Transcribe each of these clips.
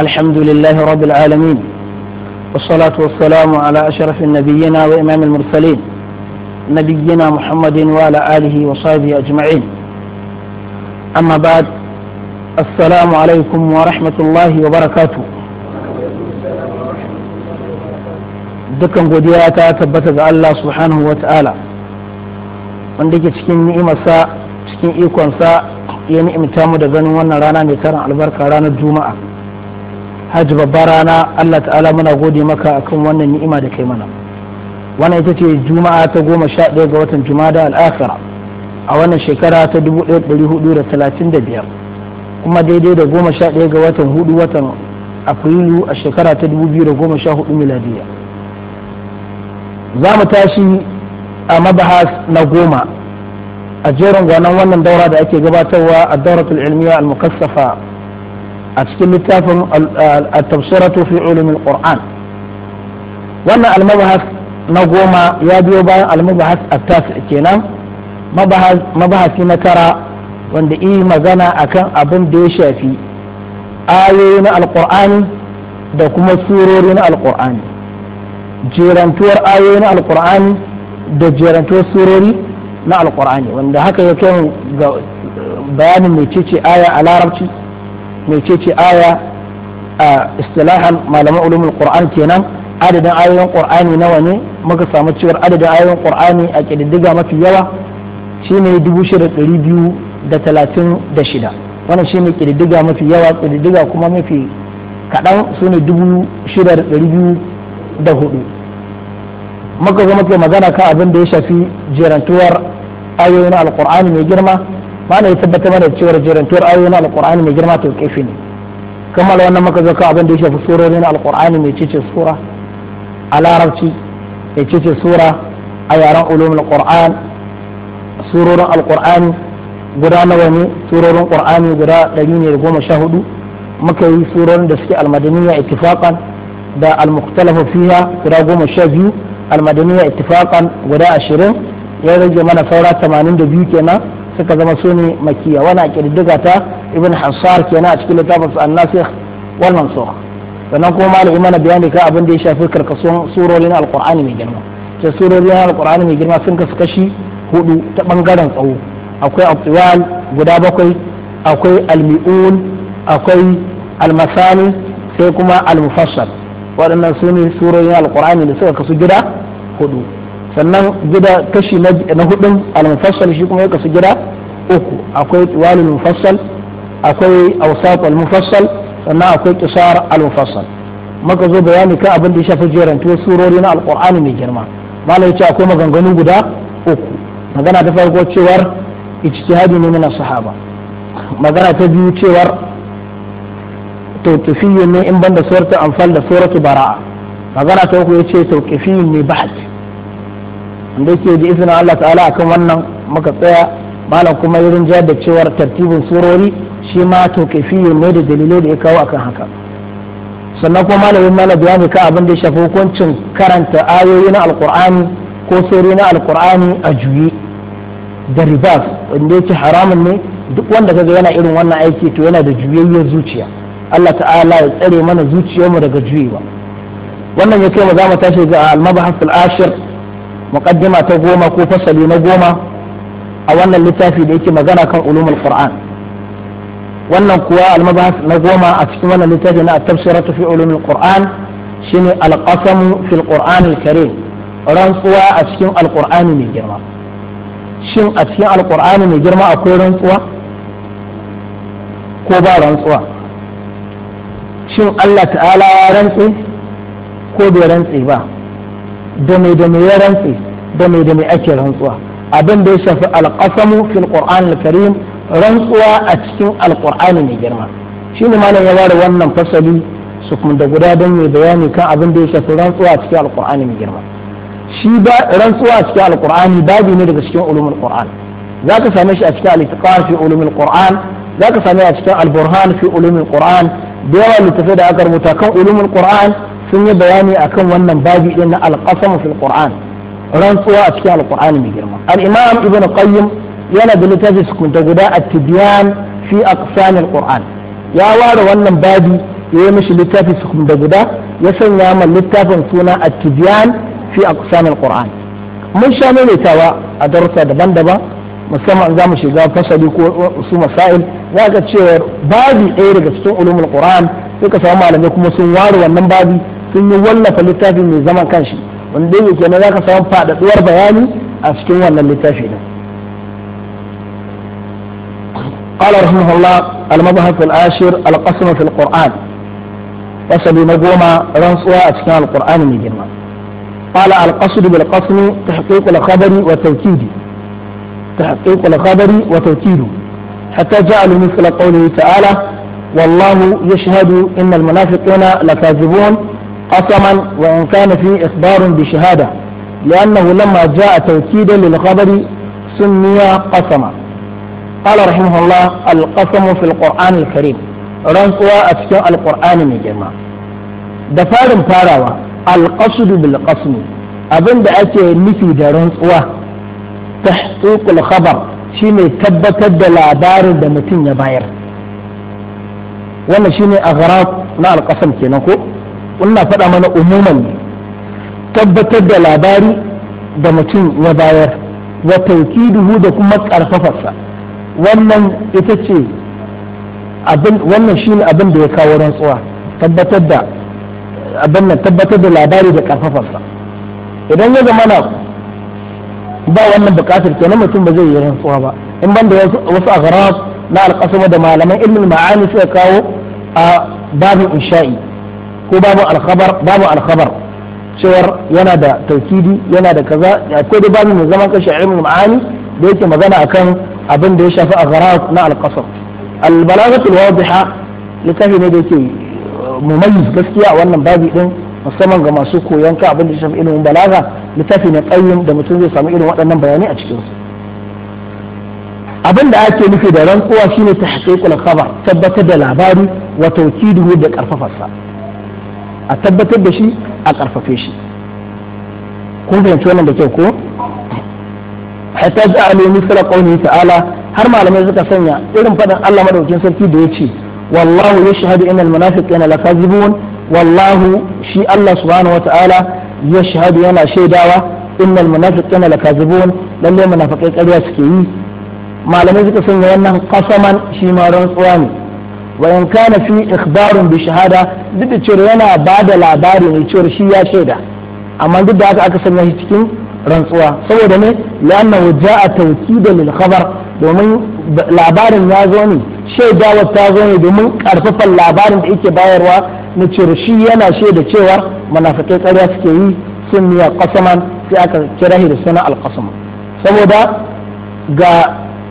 الحمد لله رب العالمين والصلاة والسلام على أشرف النبيين وإمام المرسلين نبينا محمد وعلى آله وصحبه أجمعين أما بعد السلام عليكم ورحمة الله وبركاته دكان قدياتا تبتز الله سبحانه وتعالى عندك تكين نئمة سا تكين إيكوان سا ينئم تامو دزنوان رانا ميتان على البركة رانا الجمعة hajji babbar rana Allah ta'ala muna gode maka akan wannan ni'ima da kai mana wannan ita ce juma'a ta goma sha ɗaya ga watan jumada al'akhira a wannan shekara ta dubu ɗaya ɗari hudu da talatin da biyar kuma daidai da goma sha ɗaya ga watan hudu watan afrilu a shekara ta dubu biyu da goma sha hudu miladiya za mu tashi a mabahas na goma a jerin gwanon wannan daura da ake gabatarwa a dauratul ilmiya al-mukassafa a cikin littafin at-tafsiratu fi ulumil qur'an wannan al na goma ya biyo bayan al-mabahas at-tasi kenan mabahasi na tara wanda yi magana akan abin da ya shafi ayoyi na alqur'ani da kuma surori na alqur'ani jerantuwar ayoyi na alqur'ani da jerantuwar surori na alqur'ani wanda haka ya bayani mai mecece aya a larabci mecece aya a istilahan malaman ulumul qur'an kenan adadin ayoyin qur'ani nawa ne muka samu cewar adadin ayoyin qur'ani a kididdiga mafi yawa shine 6236 wannan shine kididdiga mafi yawa kididdiga kuma mafi kaɗan su ne muka zo muke magana kan abin da ya shafi jerantuwar ayoyin alqur'ani mai girma mana ya tabbata mana cewar jerantuwar ayoyin alqur'ani mai girma tawqifi ne kamar wannan maka zaka abin da ya shafi surorin alqur'ani mai cece sura a larabci mai cece sura a yaren ulumul qur'an surorin alqur'ani guda nawa ne surorin qur'ani guda ɗari goma sha hudu muka yi surorin da suke almadaniya ittifaqan da almukhtalafu fiha guda goma sha biyu almadaniya ittifaqan guda ashirin ya rage mana saura 82 kenan suka zama su ne makiya wani kirdiga ta ibn hansar kenan a cikin littafin an nasikh wal so sannan kuma malami mana bayani kan abin da ya shafi karkasuwan surorin alqur'ani mai girma ce surorin alqur'ani mai girma sun kasu kashi hudu ta bangaren tsawo akwai atwal guda bakwai akwai almi'un akwai almasani sai kuma almufassal waɗannan su ne surorin alqur'ani da suka kasu gida hudu sannan gida kashi na hudun al-mufassal shi kuma ya kasu gida uku akwai tiwalul mufassal akwai awsat al-mufassal sannan akwai qisar al-mufassal maka zo bayani kan abin da ya shafi jeran to surori na alqur'ani mai girma malai ce akwai maganganu guda uku magana ta farko cewar ijtihadi ne na sahaba magana ta biyu cewar tawqifiyyu ne in banda suratul anfal da suratul bara'a magana ta uku yace tawqifiyyu ne ba'd da yake da izinin Allah ta'ala akan wannan muka tsaya malam kuma ya rinja da cewar tartibin surori shi ma to kafiyun ne da dalilai da ya kawo akan haka sannan kuma malamin mana bayani ka abin da ya shafi hukuncin karanta ayoyi na alkur'ani ko surori na alkur'ani a juye da ribas wanda yake haramun ne duk wanda kaga yana irin wannan aiki to yana da juyayyar zuciya Allah ta'ala ya tsare mana zuciyarmu daga juyewa wannan ya kai mu za mu tashi ga al-mabahas al-ashir muqaddima ta goma ko fasali na goma a wannan littafi da yake magana kan ulumul qur'an wannan kuwa almabahas na goma a cikin wannan littafi na tafsiratu fi ulumul qur'an shine alqasamu fil qur'an rantsuwa a cikin alqur'ani mai girma shin a cikin alqur'ani mai girma akwai rantsuwa ko ba rantsuwa shin Allah ta'ala ya rantsi ko bai rantsi ba da da ya rantse? da mai da mai ake rantsuwa abin da ya shafi alƙasamu fil qur'an al-karim rantsuwa a cikin alƙur'ani mai girma shi ne malam ya ware wannan fasali su kuma da guda don yi bayani kan abin da ya shafi rantsuwa a cikin alƙur'ani mai girma shi ba rantsuwa a cikin alƙur'ani babi ne daga cikin ulumul qur'an za ka same shi a cikin al-itqan fi ulumul qur'an za ka same a cikin al-burhan fi ulumul qur'an da yawa littafai da aka rubuta kan ulumul qur'an sun yi bayani akan wannan babi din na al-qasam fil qur'an rantsuwa a cikin alkur'ani mai girma al-imam ibn qayyim yana da littafi sukunta guda a tibiyan fi aqsam al-qur'an ya ware wannan babi ya yi mishi littafi sukunta guda ya sanya ma littafin suna a tibiyan fi aqsam al-qur'an mun sha maimaitawa a darussa daban-daban musamman za mu shiga fasali ko su masail za ka cewa babi ɗaya daga cikin ulumul qur'an suka samu malamai kuma sun ware wannan babi sun yi wallafa littafin mai zaman kanshi wanda za ka samu faɗaɗuwar bayani a cikin wannan littafi قال رحمه الله المبحث العاشر القسم في القرآن وسبي نقوم رنصوا أتكان القرآن من جنة قال القصد بالقسم تحقيق الخبر وتوكيد تحقيق الخبر وتوكيد حتى جعلوا مثل قوله تعالى والله يشهد إن المنافقين لكاذبون قسما وإن كان فيه إخبار بشهادة لأنه لما جاء توكيدا للخبر سمي قسما قال رحمه الله القسم في القرآن الكريم رنقوا أتكلم القرآن من جماعة دفار فاروا القصد بالقسم أبن أتي نفي درنقوا تحقيق الخبر shine tabbatar da labarin da mutum ya bayar wannan shine aghraq na alqasam kenan ko wannan faɗa mana umuman tabbatar da labari da mutum ya bayar wa taukiduhu da kuma ƙarfafarsa wannan ita ce wannan shine abin da ya kawo rantsuwa tabbatar da abin nan tabbatar da labari da ƙarfafarsa idan ya zama ba wannan buƙatar kenan mutum ba zai yi rantsuwa ba in banda wasu aghrab na alƙasama da malaman ilmin ma'ani suka kawo a babin insha'i ko babu alkhabar babu alkhabar cewar yana da taukidi yana da kaza akwai dai babu mai zaman kashi a ma'ani da yake magana akan abin da ya shafi a gharat na alqasar albalagatul wadiha littafi ne da yake uh, mumayyiz gaskiya a wannan babi din musamman ga masu koyon ka abin da ya shafi ilimin balaga littafi ne qayyim da mutum zai samu irin waɗannan bayanai a cikin su abin da ake nufi da rantsuwa shine tahqiqul khabar tabbatar da labari wa tawkiduhu da karfafarsa a tabbatar da shi a ƙarfafe shi kun fahimci wannan da kyau ko hatta ja'alu misra ta'ala har malamai suka sanya irin faɗin Allah madaukin sarki da yace wallahu yashhadu innal ina lakazibun wallahu shi Allah subhanahu wata'ala shahadu yana shaidawa innal munafiqina lakazibun lalle munafiqai ƙarya suke yi malamai suka sanya wannan kasaman shi ma rantsuwa ne wa in kana fi ikhbarun bi shahada duk da cewa yana ba da labari ne cewa shi ya shaida amma duk da haka aka sanya shi cikin rantsuwa saboda ne li'annahu ja'a tawkidan lil khabar domin labarin ya zo ne shaidawar ta zo ne domin karfafan labarin da yake bayarwa na cewa shi yana shaida cewa munafikai ƙarya suke yi sun miya qasaman sai aka kira shi da suna al saboda ga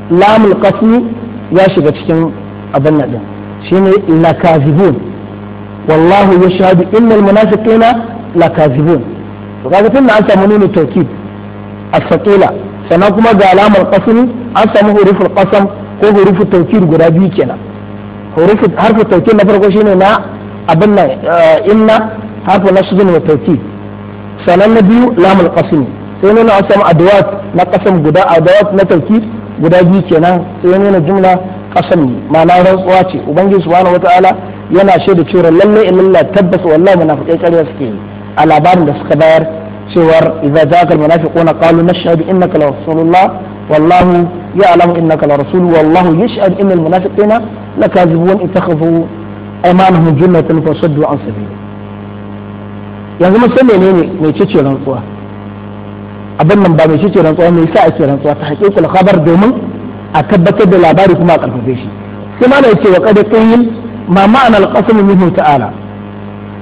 lamul qasmi ya shiga cikin abin nan shine lakazibun wallahu ya yashhadu innal munafiqina lakazibun to kaga tunda an samu nunu tawkid as-saqila sannan kuma ga alamar qasmi an samu huruful qasam ko huruful tawkid guda biyu kenan huruful harfin tawkid na farko shine na abin nan eh, inna harfin nasbin wa tawkid sannan na biyu lamul qasmi sai nuna an samu adawat na qasam guda adawat na tawkid guda biyu kenan sai nuna jumla qasami ma'ana rantsuwa ce ubangiji subhanahu wataala yana shaida cewa lalle illallah tabbas wallahi munafiqai ƙarya suke yi a labarin da suka bayar cewar idza ja'a al-munafiquna qalu nashhadu innaka la rasulullah wallahu ya'lamu innaka la rasul wallahu yashhadu innal munafiqina lakazibun ittakhadhu aymanahum jinnatan fasaddu an sabili yanzu mun san menene mai cece rantsuwa abin nan ba mai cece rantsuwa me yasa ake rantsuwa ta haqiqul khabar domin a tabbatar da labari kuma a karfafe shi sai ma da yake wa kada qil ma ma'ana al-qasam minhu ta'ala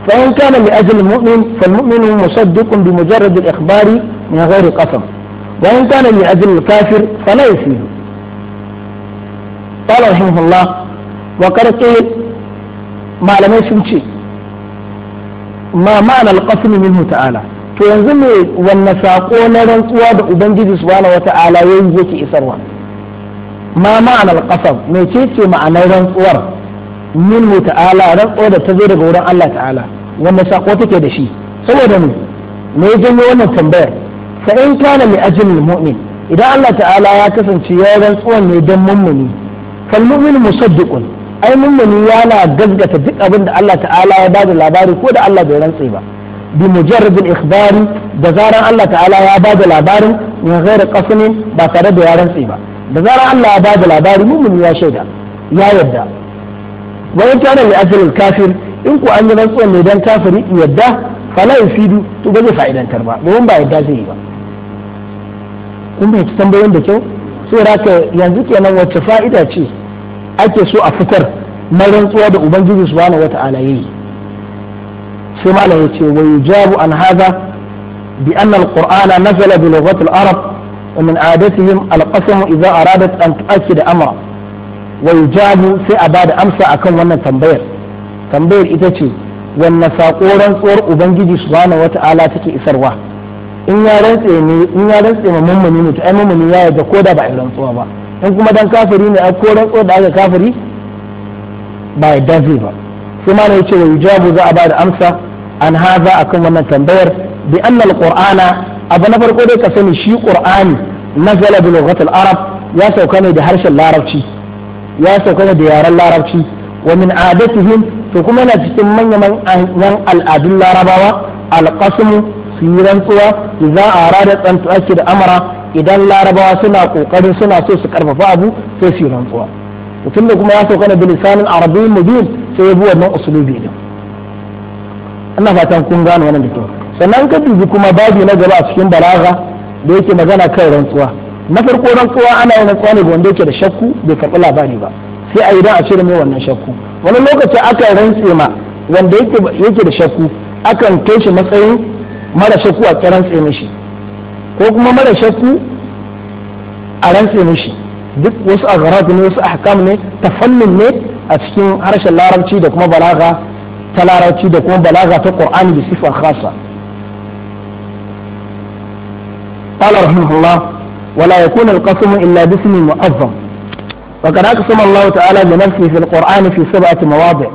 fa in kana li ajli al-mu'min fa al-mu'min musaddiqun bi mujarrad al-ikhbari min ghairi qasam wa in kana li ajli al-kafir fa la yasihu qala rahimahullah wa kada qil malamai sun ce ma ma'ana al-qasam minhu ta'ala to yanzu me wannan sako na rantsuwa da ubangiji subhanahu wata'ala yayin yake isarwa ma ma'anar ƙasar mai ce ma'anar rantsuwar minhu ta'ala rantsuwar da ta zai daga wurin Allah ta'ala wanda saƙo take da shi saboda mu me ya janyo wannan tambayar fa in kana ajin ajlil mu'min idan Allah ta'ala ya kasance ya rantsuwar ne don mummuni fal mu'min musaddiqun ai mummuni yana gaskata duk abin da Allah ta'ala ya bada labari ko da Allah bai rantse ba bi mujarrabil ikbari da zaran Allah ta'ala ya bada labarin min ghairi qasmin ba tare da ya rantse ba da zarar Allah ya bada labari mumin ya shaida ya yadda wa kana li ajril kafir in ku an yi rantsuwan ne dan kafiri yadda fala fidu to ba zai fa'idantar ba domin ba yadda zai yi ba kun bai tambayoyin da kyau sai raka yanzu kenan wacce fa'ida ce ake so a fitar na rantsuwa da ubangiji subhanahu wata'ala yayi sai malam yace wa yujabu an hadha bi anna al nazala bi lughati arab ومن عادتهم القسم إذا أرادت أن تؤكد أمرا ويجاب سي أباد أمسى أكون وانا تنبير تنبير إتاتي وانا ساقورا صور أبنجي سبحانه وتعالى تكي إسروا in ya rantse ne in ya rantse ma mummuni ne ai mummuni ya yarda ko da ba a rantsuwa ba in kuma dan kafiri ne ko rantsuwa da aka kafiri ba ya dafi ba sai za a ba da amsa an haza akan wannan tambayar bi abu na farko dai ka sani shi qur'ani na bi lughatil arab ya sauka ne da harshen larabci ya sauka ne da yaren larabci wa min adatihim to kuma yana cikin manyan al'adun larabawa alqasmu su yi rantsuwa idza arada tsantu ake da amara idan larabawa suna kokarin suna so su karfafa abu sai su yi rantsuwa to tunda kuma ya sauka ne da lisanin arabiyyin mubin sai ya bi wannan usulubi din ina fatan kun gane wannan da kyau sannan ka dubi kuma babi na gaba a cikin balaga da yake magana kan rantsuwa na farko rantsuwa ana yin rantsuwa ne ga wanda yake da shakku bai karɓi labari ba sai a idan a cire mai wannan shakku wani lokaci aka rantse ma wanda yake da shakku akan kai shi matsayin mara shakku a tsaron tsaye mishi ko kuma mara shakku a rantse mishi duk wasu agharatu ne wasu ahkam ne fannin ne a cikin harshen larabci da kuma balaga ta larabci da kuma balaga ta qur'ani da sifa khasa قال رحمه الله ولا يكون القسم إلا باسم مؤظم وقد أقسم الله تعالى بنفسه في القرآن في سبعة مواضع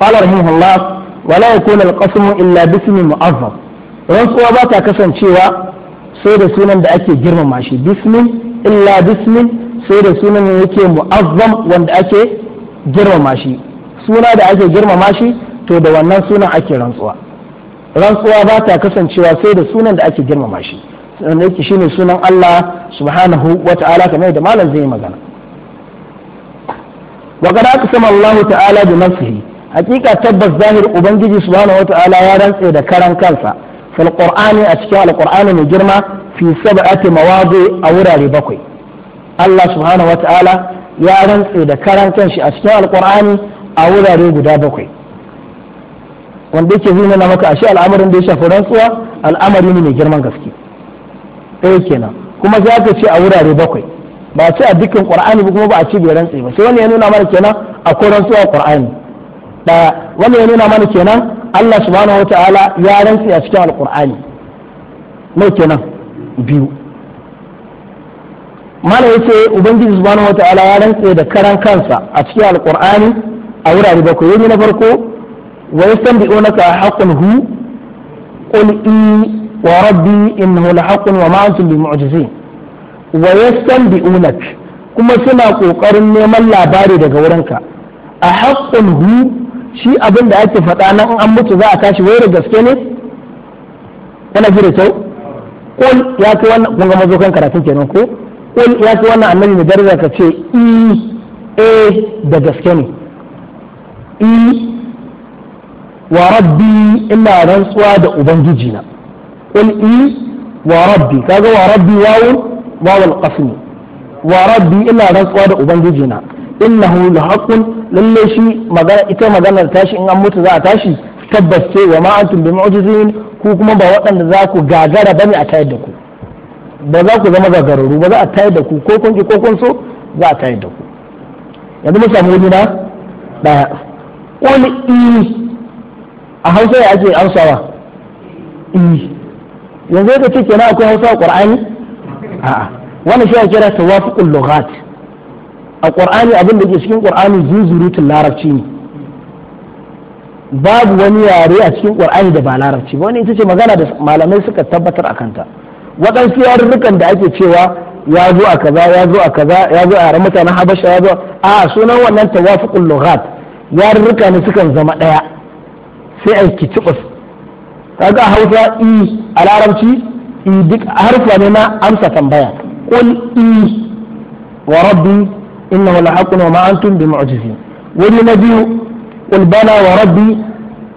قال رحمه الله ولا يكون القسم إلا باسم مؤظم rantsuwa ba ta kasancewa sai da sunan da ake girmama shi illa bismin sai da sunan da yake mu'azzam wanda ake girmama shi suna da ake girmama shi to da wannan sunan ake rantsuwa rantsuwa ba ta kasancewa sai da sunan da ake girmama shi sannan yake shine sunan Allah subhanahu wa ta'ala kamar da malam zai magana wa qad aqsama Allahu ta'ala bi nafsihi hakika tabbas zahir ubangiji subhanahu wa ta'ala ya rantse da karan kansa fil qur'ani a cikin alqur'ani mai girma fi sab'ati mawadi a wurare bakwai Allah subhanahu wa ta'ala ya rantse da karan kanshi a cikin alqur'ani a wurare guda bakwai wanda yake nuna maka ashe al'amarin da ya shafi rantsuwa al'amari ne mai girman gaske ɗaya kenan kuma sai aka ce a wurare bakwai ba a ce a dukkan qur'ani ba kuma ba a ci bai rantse ba sai wani ya nuna mana kenan koran suwa qur'ani da wani ya nuna mana kenan Allah subhanahu wataala ya rantse a cikin alqur'ani mai kenan biyu mana yace ubangiji subhanahu wataala ya rantse da karan kansa a cikin alqur'ani a wurare bakwai yayi na farko wa yastanbi'unaka haqqun hu qul وربي إنه لحق وما أنتم بمعجزين ويستنبئونك kuma suna ƙoƙarin neman labari daga wurinka a haƙƙun hu shi abin da ake faɗa na an mutu za a tashi wai da gaske ne kana fi da kyau ya ce wannan kun ga mazo karatun kenan ko kul ya ce wannan annabi ne daraja ka ce i da gaske ne i wa rabbi ina rantsuwa da ubangiji na qul i wa rabbi kaga wa wawul qasmi wa ina rantsuwa da ubangiji na innahu lahaqqun lalle shi ita maganar tashi in an mutu za a tashi tabbas ce wa ma antum bi mu'jizin ku kuma ba waɗanda za ku gagara bane a tayar da ku ba za ku zama gagararru ba za a tayar da ku ko kun ko kun za a tayar da ku yanzu mun samu wani na daya qul i a hausa ya ake amsawa i yanzu ka ce kenan akwai hausa a qur'ani a'a wannan shi kira tawafuqul lughat a qur'ani abin da ke cikin qur'ani zuzurutul larabci ne babu wani yare a cikin qur'ani da ba larabci ba wani ita ce magana da malamai suka tabbatar a kanta waɗansu yarurrukan da ake cewa ya zo a kaza ya zo a kaza ya zo a yaren mutanen habasha ya zo a sunan wannan tawafuqul lughat yarurruka ne sukan zama ɗaya sai a kitubus kaga hausa i a larabci i duk harfa ne na amsa tambaya qul i wa rabbi innahu lahaqqun wa ma antum bimu'jizin wani na biyu qul bana wa rabbi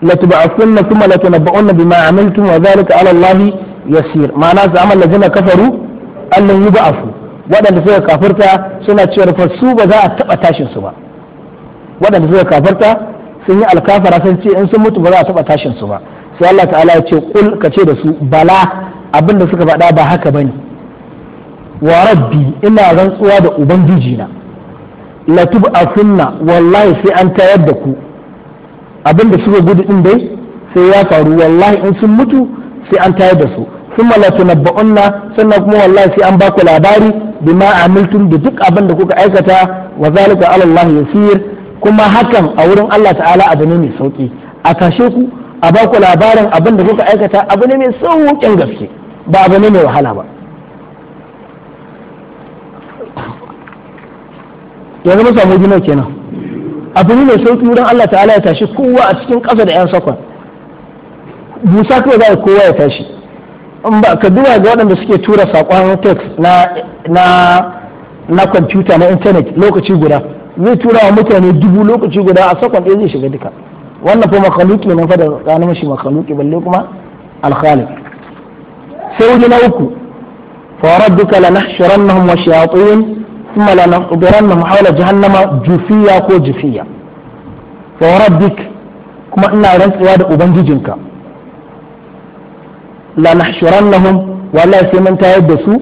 لتبعثن ثم لتنبؤن بما عملتم وذلك على الله يسير معناه زعم الذين كفروا أن لن يبعثوا wadanda suka kafirta suna cewar fa su ba za a taɓa tashin su ba wadanda suka kafirta sun yi alkafara sun ce in sun mutu ba za a taɓa tashin su ba sai Allah ta'ala ya ce kul ka ce da su bala abin suka faɗa ba haka bane wa rabbi ina rantsuwa da ubangiji na latub asunna wallahi sai an tayar da ku abin suka gudu din dai sai ya faru wallahi in sun mutu sai an tayar da su summa nabba'unna sannan kuma wallahi sai an baku ku labari ma amiltum da duk abin da kuka aikata wa zalika ala Allah yasir kuma hakan a wurin Allah ta'ala abu ne mai sauki a kashe ku a baku ku labarin abin da kuka aikata abu ne mai sauƙin gaske ba abu ne mai wahala ba yanzu mun samu juna kenan abu ne mai sauƙi wurin Allah ta'ala ya tashi kowa a cikin ƙasa da 'yan sakon busa kawai za kowa ya tashi in ba ka duba ga waɗanda suke tura saƙon text na na na kwamfuta na intanet lokaci guda zai tura wa mutane dubu lokaci guda a sakon ɗaya zai shiga duka wannan fa makhluki ne fa da gano mishi makhluki balle kuma al-khaliq sai wuri na uku fa rabbuka lanahshurannahum wa shayatin thumma lanahdirannahum hawla jahannama jufiya ko jufiya fa rabbik kuma ina rantsuwa da ubangijinka lanahshurannahum wallahi sai mun tayar da su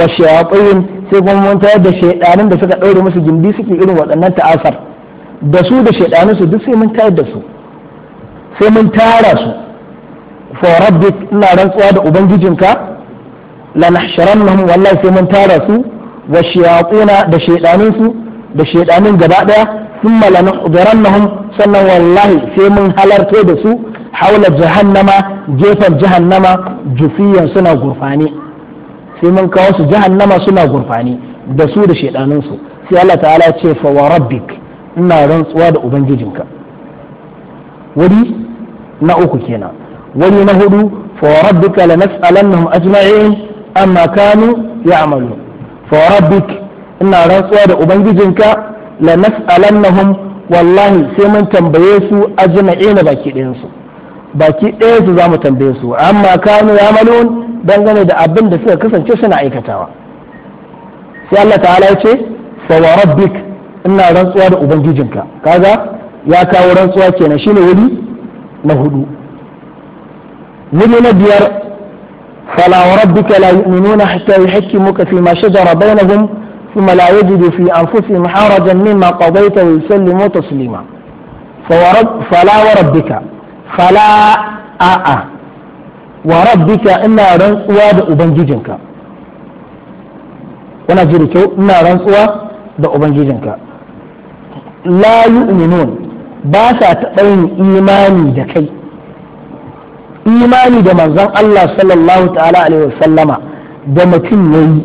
wa shayatin sai kuma mun tayar da shaydanin da suka daure musu gindi suke irin waɗannan ta'asar da su da shaidanu su duk sai mun tayar da su sai mun tara su fa rabbik ina rantsuwa da ubangijinka la nahsharannahum wallahi sai mun tara su wa shayatuna da shaidanun su da shaidanun gaba daya thumma la nahdharannahum sannan wallahi sai mun halarto da su haula jahannama gefen jahannama jufiyan suna gurfani sai mun kawo su jahannama suna gurfani da su da shaidanun su sai Allah ta'ala ce fa wa rabbik ina rantsuwa da ubangijinka wuri na uku kenan wani na hudu fa la nas'alannahum ajma'in amma kanu ya'malun fa ina rantsuwa da ubangijinka la nas'alannahum wallahi sai mun tambaye su ajma'in baki ɗayan su baki ɗaya su za mu tambaye su amma kanu ya'malun dangane da abin da suka kasance suna aikatawa sai Allah ta'ala ya ce fa ina rantsuwa da ubangijinka kaga ya kawo rantsuwa kenan shine wuri na hudu wuri na biyar fala rabbika la yu'minuna hatta yuhkimuka fi ma shajara bainahum thumma la yajidu fi anfusihim harajan mimma qadayta wa yusallimu taslima fala wa rabbika fala a'a wa rabbika ina rantsuwa da ubangijinka kuna ji da kyau ina rantsuwa da ubangijinka la yu'minun ba sa taɓa yin imani da kai imani da manzon Allah sallallahu ta'ala alaihi sallama da mutum yayi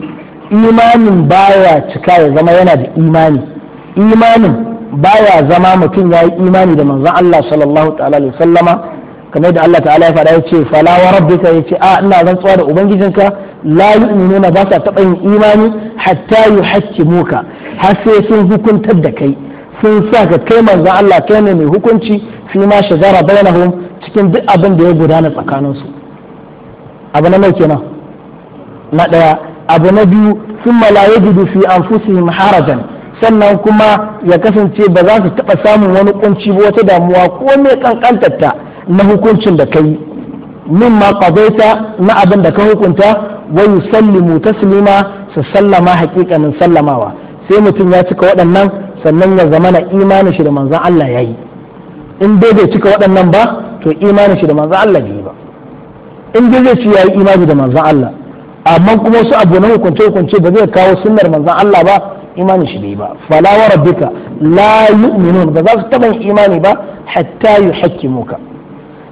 imanin baya cika ya zama yana da imani imanin baya zama mutum yayi imani da manzon Allah sallallahu ta'ala alaihi wasallama kamar da Allah ta'ala ya faɗa ya ce fala yace rabbika ya ce a ina rantsuwa da ubangijinka la yu'minuna ba sa taɓa yin imani hatta yuhaqqimuka har sai sun hukuntar da kai sun sa ka kai manzon Allah kai ne mai hukunci fi ma shajara bainahum cikin duk abin da ya gudana tsakaninsu abu na nauke kenan na ɗaya abu na biyu sun malaye gudu fi anfusihim harajan sannan kuma ya kasance ba za su taɓa samun wani ƙunci ba wata damuwa ko mai kankantarta na hukuncin da kai min ma qadaita na abin da ka hukunta wa ta taslima su sallama haƙiƙanin sallamawa sai mutum ya cika waɗannan sannan ya zama na imanin shi da manzan Allah ya yi in dai bai cika waɗannan ba to imanin shi da manzan Allah bai yi ba in dai zai ci ya yi imani da manzan Allah amma kuma wasu abu na hukunce hukunce ba zai kawo sunnar manzan Allah ba imanin shi bai ba fala wa rabbika la yu'minun ba za su taɓa imani ba hatta yuhaqqimuka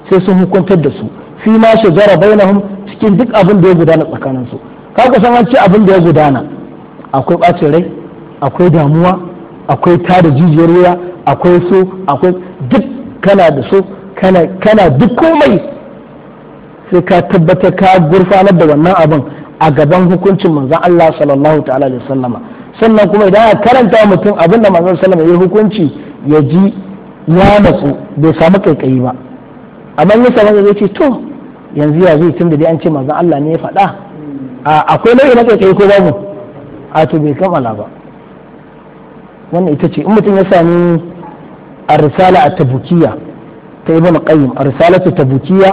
sai sun hukuntar da su fi ma shajara bainahum cikin duk abin da ya gudana tsakaninsu kaga san an ce abin da ya gudana akwai ɓacin rai akwai damuwa akwai tada jijiyar wuya akwai su akwai duk kana da so kana duk komai sai ka tabbatar ka gurfanar da wannan abin a gaban hukuncin manzan Allah sallallahu ta'ala da sallama sannan kuma idan a karanta mutum abin da manzan sallama ya hukunci ya ji ya matsu bai samu kaikayi ba amma ya samu zai ce to yanzu ya zai tun da dai an ce manzan Allah ne ya faɗa akwai nau'i na kaikayi ko babu a to bai kammala ba wannan ita ce in mutum ya sami a risala a tabukiya ta ibn qayyim a risala ta tabukiya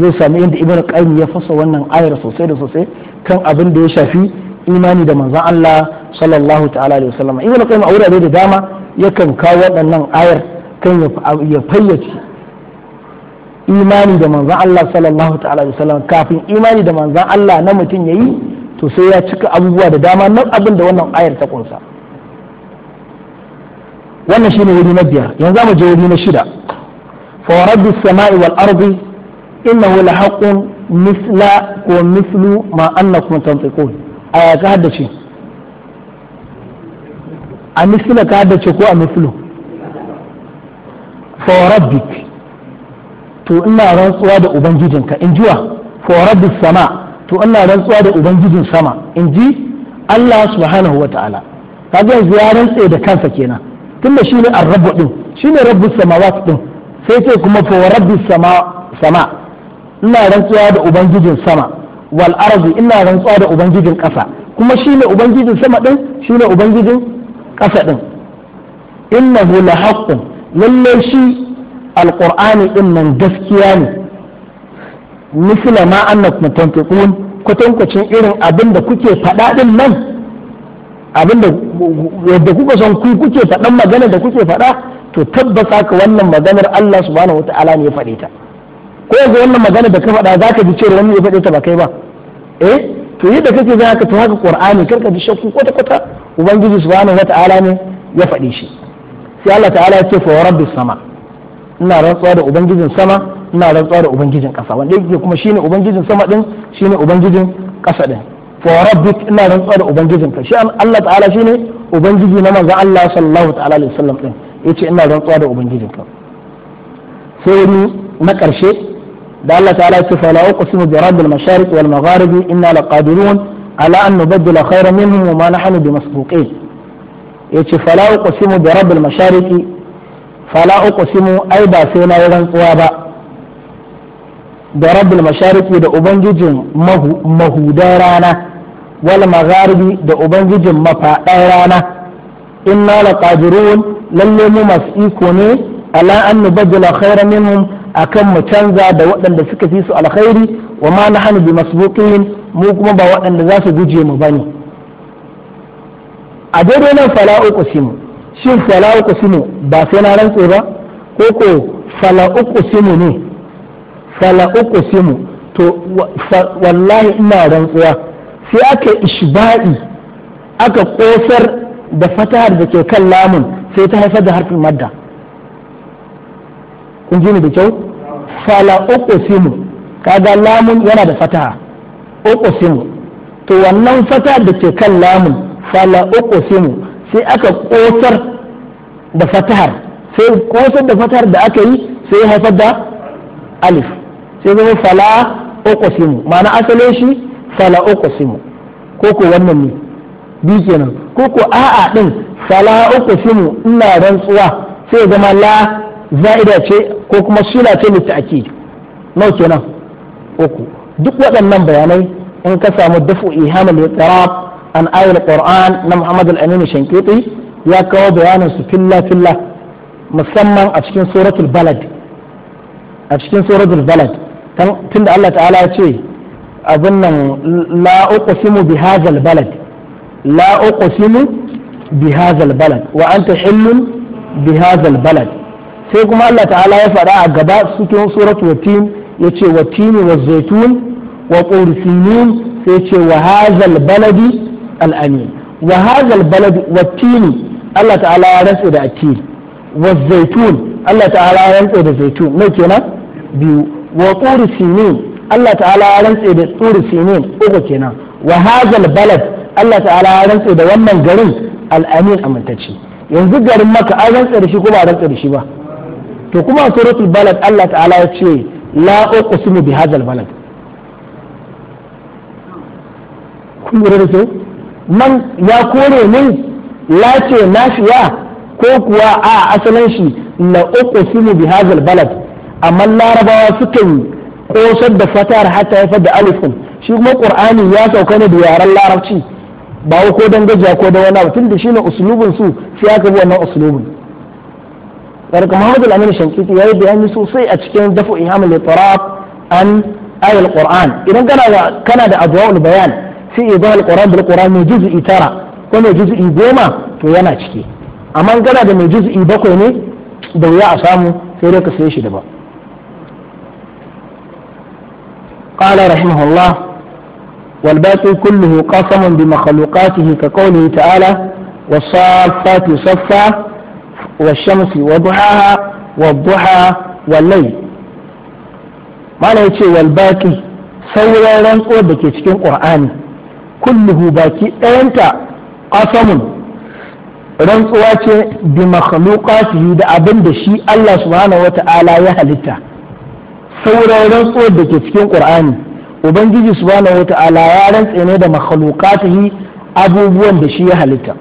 zai sami inda ibn qayyim ya fasa wannan ayar sosai da sosai kan abin da ya shafi imani da manzon Allah sallallahu ta'ala alaihi wasallam ibn qayyim a wurare da dama yakan kawo waɗannan ayar kan ya fayyace imani da manzon Allah sallallahu ta'ala alaihi wasallam kafin imani da manzon Allah na mutum yayi to sai ya cika abubuwa da dama nan abin da wannan ayar ta kunsa wannan shine wuri na biyar yanzu za mu je wuri na shida fa samai wal ardi innahu lahaqqun misla ko mislu ma annakum tantiqun aya ka haddace a misla ka haddace ko a mislu to ina rantsuwa da ubangijinka in jiwa fa sama to ina rantsuwa da ubangijin sama in ji Allah subhanahu wa ta'ala kaga yanzu ya rantse da kansa kenan tunda shine ɗin shi ne shine sama samawati ɗin sai ce kuma fa rabbis sama sama ina rantsuwa da ubangijin sama wal ardi ina rantsuwa da ubangijin ƙasa kuma shi ne ubangijin sama ɗin shi ne ubangijin ƙasa ɗin. innahu la haqqun lalle shi alqur'ani din nan gaskiya ne misla ma annakum tantiqun kwatankwacin irin abin da kuke faɗa din nan abin da yadda kuka san ku kuke faɗan magana da kuke faɗa to tabbata ka wannan maganar Allah subhanahu wata'ala ne ya faɗe ta ko yanzu wannan magana da ka faɗa za ka ji cewa wani ya faɗe ta ba kai ba eh to yadda kake za ka to haka qur'ani karka ji shakku kwata kwata ubangiji subhanahu wata'ala ne ya faɗe shi sai Allah ta'ala ya ce fa rabbis sama ina rantsuwa da ubangijin sama ina rantsuwa da ubangijin ƙasa wanda yake kuma shine ubangijin sama din shine ubangijin ƙasa din wa rabbik ina rantsuwa da ubangijinka shi Allah ta'ala shi ne ubangiji na manzon Allah sallallahu ta'ala alaihi wasallam din yace ina rantsuwa da ubangijinka sai wani na karshe da Allah ta'ala ya ce fa la uqsimu bi rabbil mashariq wal magharibi inna laqadirun ala an nubaddila khayran minhum wa ma nahnu bimasbuqin yace fa la uqsimu bi rabbil mashariq fa la uqsimu ai ba sai na rantsuwa ba da rabbil mashariq da ubangijin mahudan rana wal magharibi da ubangijin mafaɗan rana inna la qadirun lalle mu masu iko ne ala an nubaddila a minhum akan mu canza da waɗanda suka fi su alkhairi wa ma nahnu bi masbuqin mu kuma ba waɗanda zasu guje mu bane a daidai nan fala uqsimu shin fala uqsimu ba sai na rantse ba ko ko fala uqsimu ne fala uqsimu to wallahi ina rantsuwa sai aka ishba'i aka kosar da fatahar da ke kan lamun sai ta haifar da harfin madda kun ji ni da kyau fala uqsimu kaga lamun yana da fataha uqsimu to wannan fatahar da ke kan lamun fala uqsimu sai aka kosar da fatahar sai kosar da fatahar da aka yi sai haifar da alif sai zama fala uqsimu ma'ana asalin shi fala simu ko ko wannan ne bi kenan ko ko a'a din fala simu ina rantsuwa sai zama la za'ida ce ko kuma sila ce litta'kid nau kenan uku duk waɗannan bayanai in ka samu dafu ihamul iqrab an ayil qur'an na Muhammad al-Amin Shankiti ya kawo bayanin su filla filla musamman a cikin suratul balad a cikin suratul balad tunda Allah ta'ala ya ce abin nan la uqsimu bi hadzal balad la uqsimu bi hadzal balad wa anta hillun bi hadzal balad sai kuma Allah ta'ala ya faɗa a gaba cikin suratul tin yace wa tini wa zaitun wa qursinin sai ce wa hadzal baladi al amin wa hadzal balad wa tini Allah ta'ala ya rantsa da atin wa zaitun Allah ta'ala ya rantsa da zaitun mai kenan biyu wa qursinin Allah ta'ala ya rantse da tsuri sinin uku kenan wa hazal balad Allah ta'ala ya rantse da wannan garin al'amin amintacci yanzu garin maka an rantse da shi ko ba a rantse da shi ba to kuma suratul balad Allah ta'ala ya ce la uqsimu bi hazal balad kun lura da man ya kore min la ce nashiya ko kuwa a asalin shi la uqsimu bi hazal balad amma larabawa yi. kosar da fatar hatta haifar da alifun shi kuma qur'ani ya sauka ne da yaren larabci ba wai ko dan gajiya ko da wani abu tunda shine uslubin su sai aka bi wannan uslubin barka Muhammad al-Amin Shankiti yayi bayani sosai a cikin dafu ihamul tarab an al qur'an idan kana da kana da adwaul bayan sai al qur'an bil qur'an mai juz'i tara ko mai juz'i goma to yana ciki amma kana da mai juz'i bakwai ne da wuya a samu sai dai ka sai shi da ba قال رحمه الله والباقي كله قسم بمخلوقاته كقوله تعالى والصافات صفا والشمس وضحاها والضحى والليل ما لا يتشي والباقي سورة رنقوة بكي تكين قرآن كله باقي أنت قسم rantsuwa ce bi makhluqatihi da abin da shi Allah subhanahu wata'ala ya halitta sauraron rantsuwar da ke cikin qur'ani ubangiji subhanahu ta'ala ya rantse ne da makhluqatihi abubuwan da shi ya halitta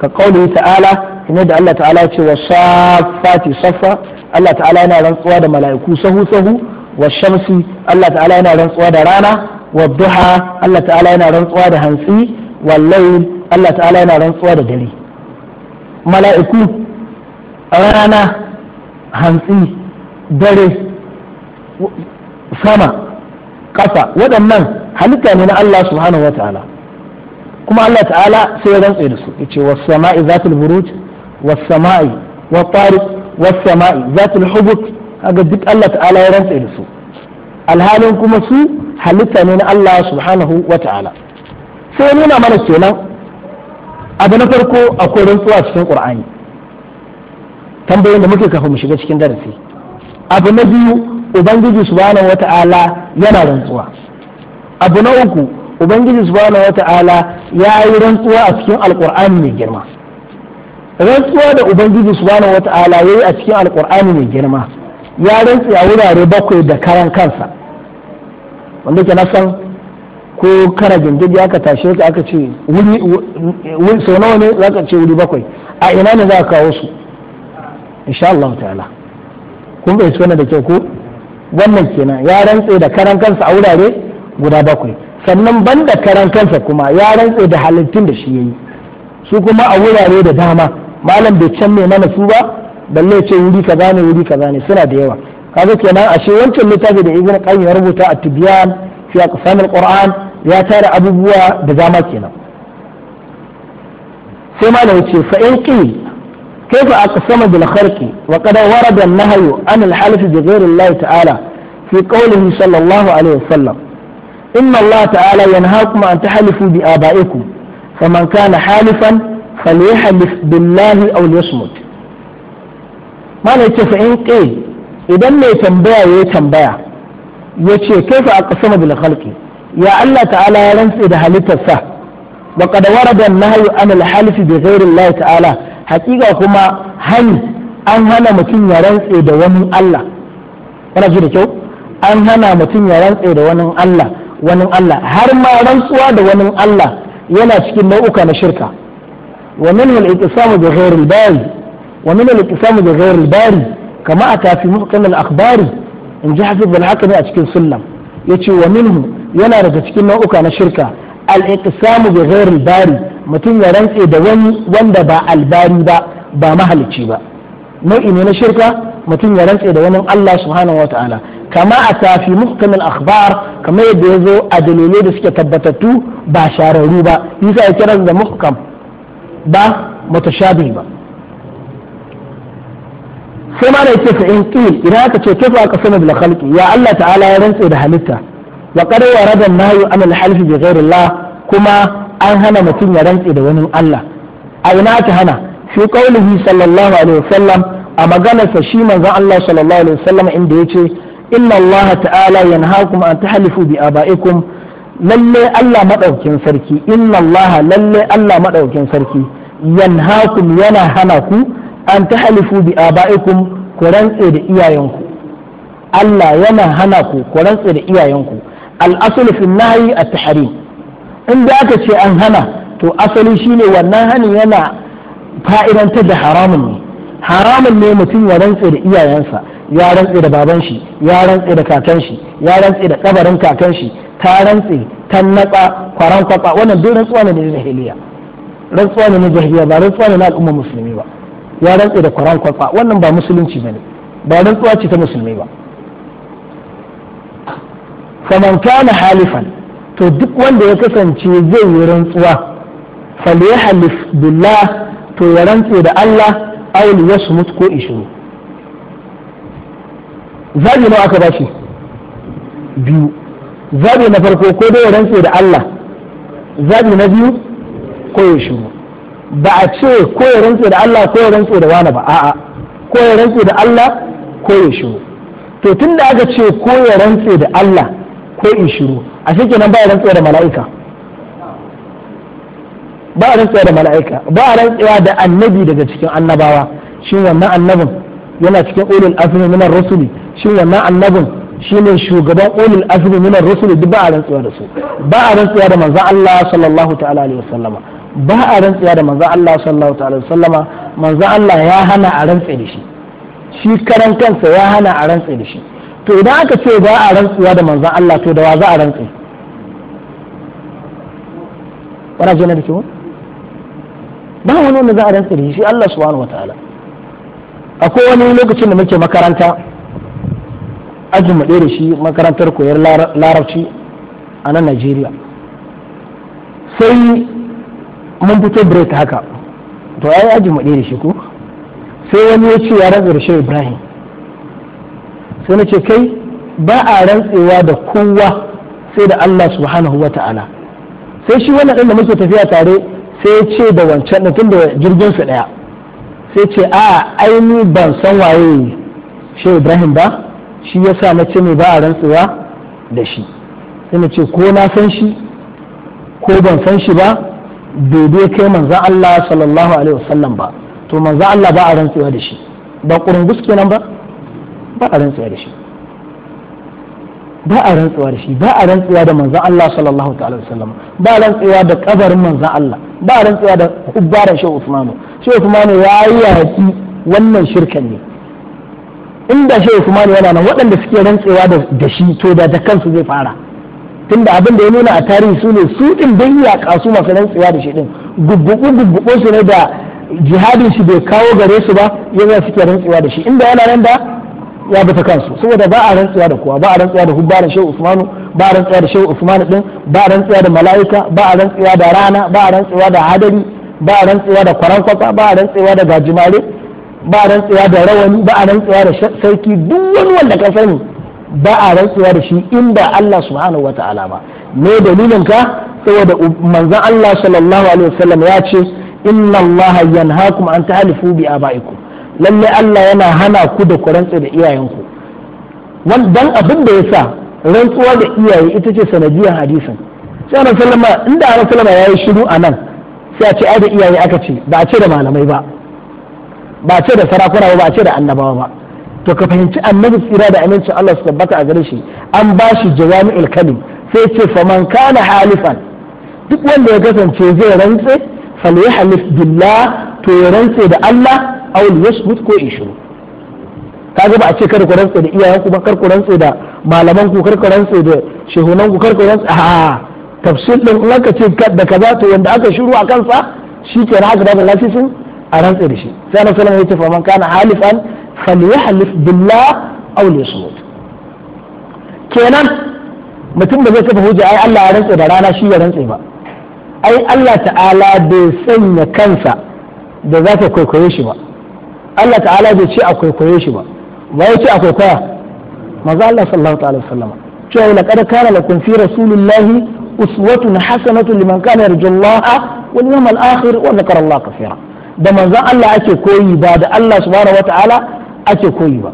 ka qaulihi ta'ala ne da Allah ta'ala ce wa safati safa Allah ta'ala yana rantsuwa da mala'iku sahu sahu wa shamsi Allah ta'ala yana rantsuwa da rana wa duha Allah ta'ala yana rantsuwa da hantsi wa layl Allah ta'ala yana rantsuwa da dare mala'iku rana hantsi dare sama ƙasa waɗannan halitta ne na Allah subhanahu wata'ala kuma Allah ta'ala sai ya rantse da su yace was sama'i zatul buruj was sama'i wa tariq was sama'i zatul hubut haka duk Allah ta'ala ya rantse da su alhalin kuma su halitta ne na Allah subhanahu wata'ala sai ya nuna mana kenan abu na farko akwai rantsuwa cikin Qur'ani tambayoyin da muke kafa mu shiga cikin darasi abu na biyu ubangiji subhanahu wata'ala yana rantsuwa abu na uku ubangiji subhanahu wata'ala ya yi rantsuwa a cikin alkur'ani mai girma rantsuwa da ubangiji subhanahu wata'ala ya yi a cikin alkur'ani mai girma ya rantsi a wurare bakwai da karan kansa wanda ke nasan ko kana gindin ya ka tashe ka aka ce wuri sau nawa ne za ka ce wuri bakwai a ina ne za ka kawo su insha Allah ta'ala kun bai suna da kyau ko wannan kenan ya rantse da karan kansa a wurare guda bakwai sannan ban da karan kansa kuma ya rantse da halittun da shi ya yi su kuma a wurare da dama malam bai can mai mana su ba balle ce wuri ka zane wuri ka zane suna da yawa kaga kenan ashe wancan littafi da ibn qayyim ya rubuta a tibyan fi aqsam al-qur'an ya tara abubuwa da dama kenan sai malam ya ce fa in qil كيف أقسم بالخرق وقد ورد النهي عن الحلف بغير الله تعالى في قوله صلى الله عليه وسلم إن الله تعالى ينهاكم أن تحلفوا بآبائكم فمن كان حالفا فليحلف بالله أو ليصمت ما نيتي فإن قيل إذا ما يتنبيع يتنبيا يتشي كيف أقسم بالخلق يا الله تعالى ينسي إذا السه وقد ورد النهي عن الحلف بغير الله تعالى hakika kuma hani an hana mutum ya rantse da wani Allah kana ji da kyau an hana mutum ya rantse da wani Allah wani Allah har ma rantsuwa da wani Allah yana cikin nau'uka na shirka wa minhu al-iqsamu bi ghayri al-bari wa minhu al-iqsamu bi ghayri al-bari kama aka fi muhkam al-akhbari in ji hafiz al-hakimi a cikin sunnah yace wa minhu yana daga cikin nau'uka na shirka al-iqsamu bi ghayri al-bari mutum ya rantse da wani wanda ba albari ba ba mahalicci ba nau'i ne na shirka mutum ya rantse da wani Allah subhanahu wa ta'ala kama a tafi muhkamin akhbar kamar yadda ya zo a dalilai da suke tabbatattu ba shararru ba yasa ya kira da muhkam ba mutashabi ba sai ma da yake fa in qil idan aka ce kafa aka sama bil khalqi ya Allah ta'ala ya rantse da halitta wa qad warada nahyu an al half bi ghairillah kuma an hana mutum ya rantse da wani Allah a ina aka hana fi qaulihi sallallahu alaihi wasallam a maganarsa shi manzon Allah sallallahu alaihi wasallam inda yace inna Allah ta'ala yanhaakum an tahlifu bi abaikum lalle Allah madaukin sarki inna Allah lalle Allah madaukin sarki yanhaakum yana hana ku an tahlifu bi abaikum ku rantse da iyayenku Allah yana hana ku ku rantse da iyayenku al-aslu fi nahyi at-tahrim in da aka ce an hana to asali shine wannan hanin yana fa'idantar da haramun ne haramun ne mutum ya rantse da iyayensa ya rantse da baban shi ya rantse da kakan shi ya rantse da kabarin kakan shi ta rantse ta natsa kwaran kwakwa wannan duk rantsuwa ne na jahiliya rantsuwa ne na jahiliya ba rantsuwa ne na al'ummar musulmi ba ya rantse da kwaran kwakwa wannan ba musulunci bane ba rantsuwa ce ta musulmi ba faman kana halifan to duk wanda ya kasance zai yi rantsuwa halif billah to ya rantse da Allah su mutu ko ishuru zabi nawa aka bashi biyu zabi na farko ko dai ya rantse da Allah zabi na biyu ko ya shiru ba a ce ko ya rantse da Allah ko ya rantse da wani ba a'a ko ya rantse da Allah ko ya shiru to tun da aka ce ko ya rantse da Allah ko in shiru a shi kenan ba a rantsuwa da mala'ika ba a rantsuwa da mala'ika ba a rantsuwa da annabi daga cikin annabawa shi wannan annabin yana cikin ulul azmi minar rusuli shi wannan annabin shine shugaban ulul azmi minar rusuli duk ba a rantsuwa da su ba a rantsuwa da manzon Allah sallallahu ta'ala alaihi wasallama ba a rantsuwa da manzon Allah sallallahu ta'ala alaihi wasallama manzon Allah ya hana a rantsa da shi shi karan kansa ya hana a rantsa da shi to idan aka ce ba a rantsuwa da manzan Allah to da wa za a rantsu wana ce na da kyau ba wani wanda za a rantsu da shi Allah subhanahu wa ta'ala akwai wani lokacin da muke makaranta ajin mu da shi makarantar koyar larabci a nan Najeriya sai mun fito break haka to ai ajin mu da shi ko sai wani ya ce ya rantsu da shi Ibrahim sai na ce kai ba a rantsewa da kowa sai da Allah subhanahu wa ta'ala sai shi wannan ɗin da muke tafiya tare sai ya ce da wancan da tun da jirgin su ɗaya sai ce a aini ban san waye shi Ibrahim ba shi ya sa na ce mai ba a rantsewa da shi sai na ce ko na san shi ko ban san shi ba daidai kai manzan Allah sallallahu alaihi wasallam ba to manzan Allah ba a rantsewa da shi ba kurungus kenan ba ba a rantsuwa da shi ba a rantsuwa da shi ba a rantsuwa da manzon Allah sallallahu ta'ala wasallam ba a rantsuwa da kabarin manzon Allah ba a rantsuwa da hubbaran shehu Usmanu shehu Usmanu ya yi yaki wannan shirkan ne inda shehu Usmanu yana nan waɗanda suke rantsuwa da shi to da da kansu zai fara tunda abin da ya nuna a tarihi su ne su din dan ya kasu masu rantsuwa da shi din gubbubu gubbubo su ne da jihadin shi bai kawo gare su ba yana suke rantsuwa da shi inda yana nan da ya bi ta kansu saboda ba a rantsuwa da kowa ba a rantsuwa da hubbaran shehu usmanu ba a rantsuwa da shehu usmanu din ba a rantsuwa da mala'ika ba a rantsuwa da rana ba a rantsuwa da hadari ba a rantsuwa da kwarankwasa ba a rantsuwa da gajimare ba a rantsuwa da rawani ba a rantsuwa da sarki duk wani wanda ka sani ba a rantsuwa da shi inda ba Allah subhanahu wata'ala ba me dalilin ka saboda manzon Allah sallallahu alaihi wasallam ya ce inna Allah yanhaakum an tahlifu bi abaikum lalle Allah yana hana ku da ku rantse da iyayenku dan abin da ya sa rantsuwa da iyaye ita ce sanadiyar hadisin sai annabi sallama inda annabi sallama yi shiru anan sai a ce ai da iyaye aka ce ba a ce da malamai ba ba a ce da sarakuna ba ba a ce da annabawa ba to ka fahimci annabi tsira da amincin Allah su tabbata a gare shi an ba shi jawami'ul kalim sai ce man kana halifan duk wanda ya kasance zai rantse falyhalif billah to ya rantse da Allah aw yasbut ko in shiru kaga ba a ce kar ku rantse da iyayen ku ba kar ku rantse da malaman ku kar ku rantse da shehunan ku kar ku rantse a tafsir din in aka ce da kaza to wanda aka shiru a kansa shi ke na aka daga lasisin a rantse da shi sai wasallam ya ce fa man kana halifan falyahlif billah aw liyasmut kenan mutum ba zai kafa hujja ai Allah ya rantse da rana shi ya rantse ba ai Allah ta'ala bai sanya kansa da za ta kwaikwaye shi ba Allah ta'ala bai ce a kwaikwaye shi ba ba ya ce a kwaikwaya maza Allah sallallahu ta'ala sallama cewa laqad kana lakum fi rasulillahi uswatun hasanatu liman kana yarjullaha wal yawmal akhir wa dhakara Allah kaseera da manzon Allah ake koyi ba da Allah subhanahu wata'ala ake koyi ba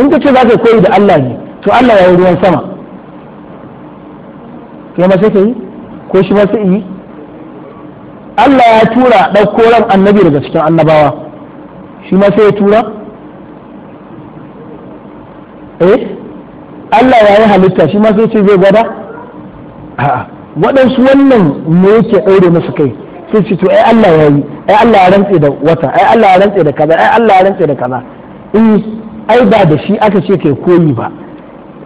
in ka ce za ka koyi da Allah ne to Allah ya yi ruwan sama kai ma sai ka yi ko shi ma sai yi Allah ya tura ɗauko ran annabi daga cikin annabawa shi ma sai ya tura eh Allah ya yi halitta shi ma sai ce zai gwada a'a waɗansu wannan ne yake ɗaure musu kai sai ce to ai Allah ya yi ai Allah ya rantse da wata ai Allah ya rantse da kaza ai Allah ya rantse da kaza in ai ba da shi aka ce kai koyi ba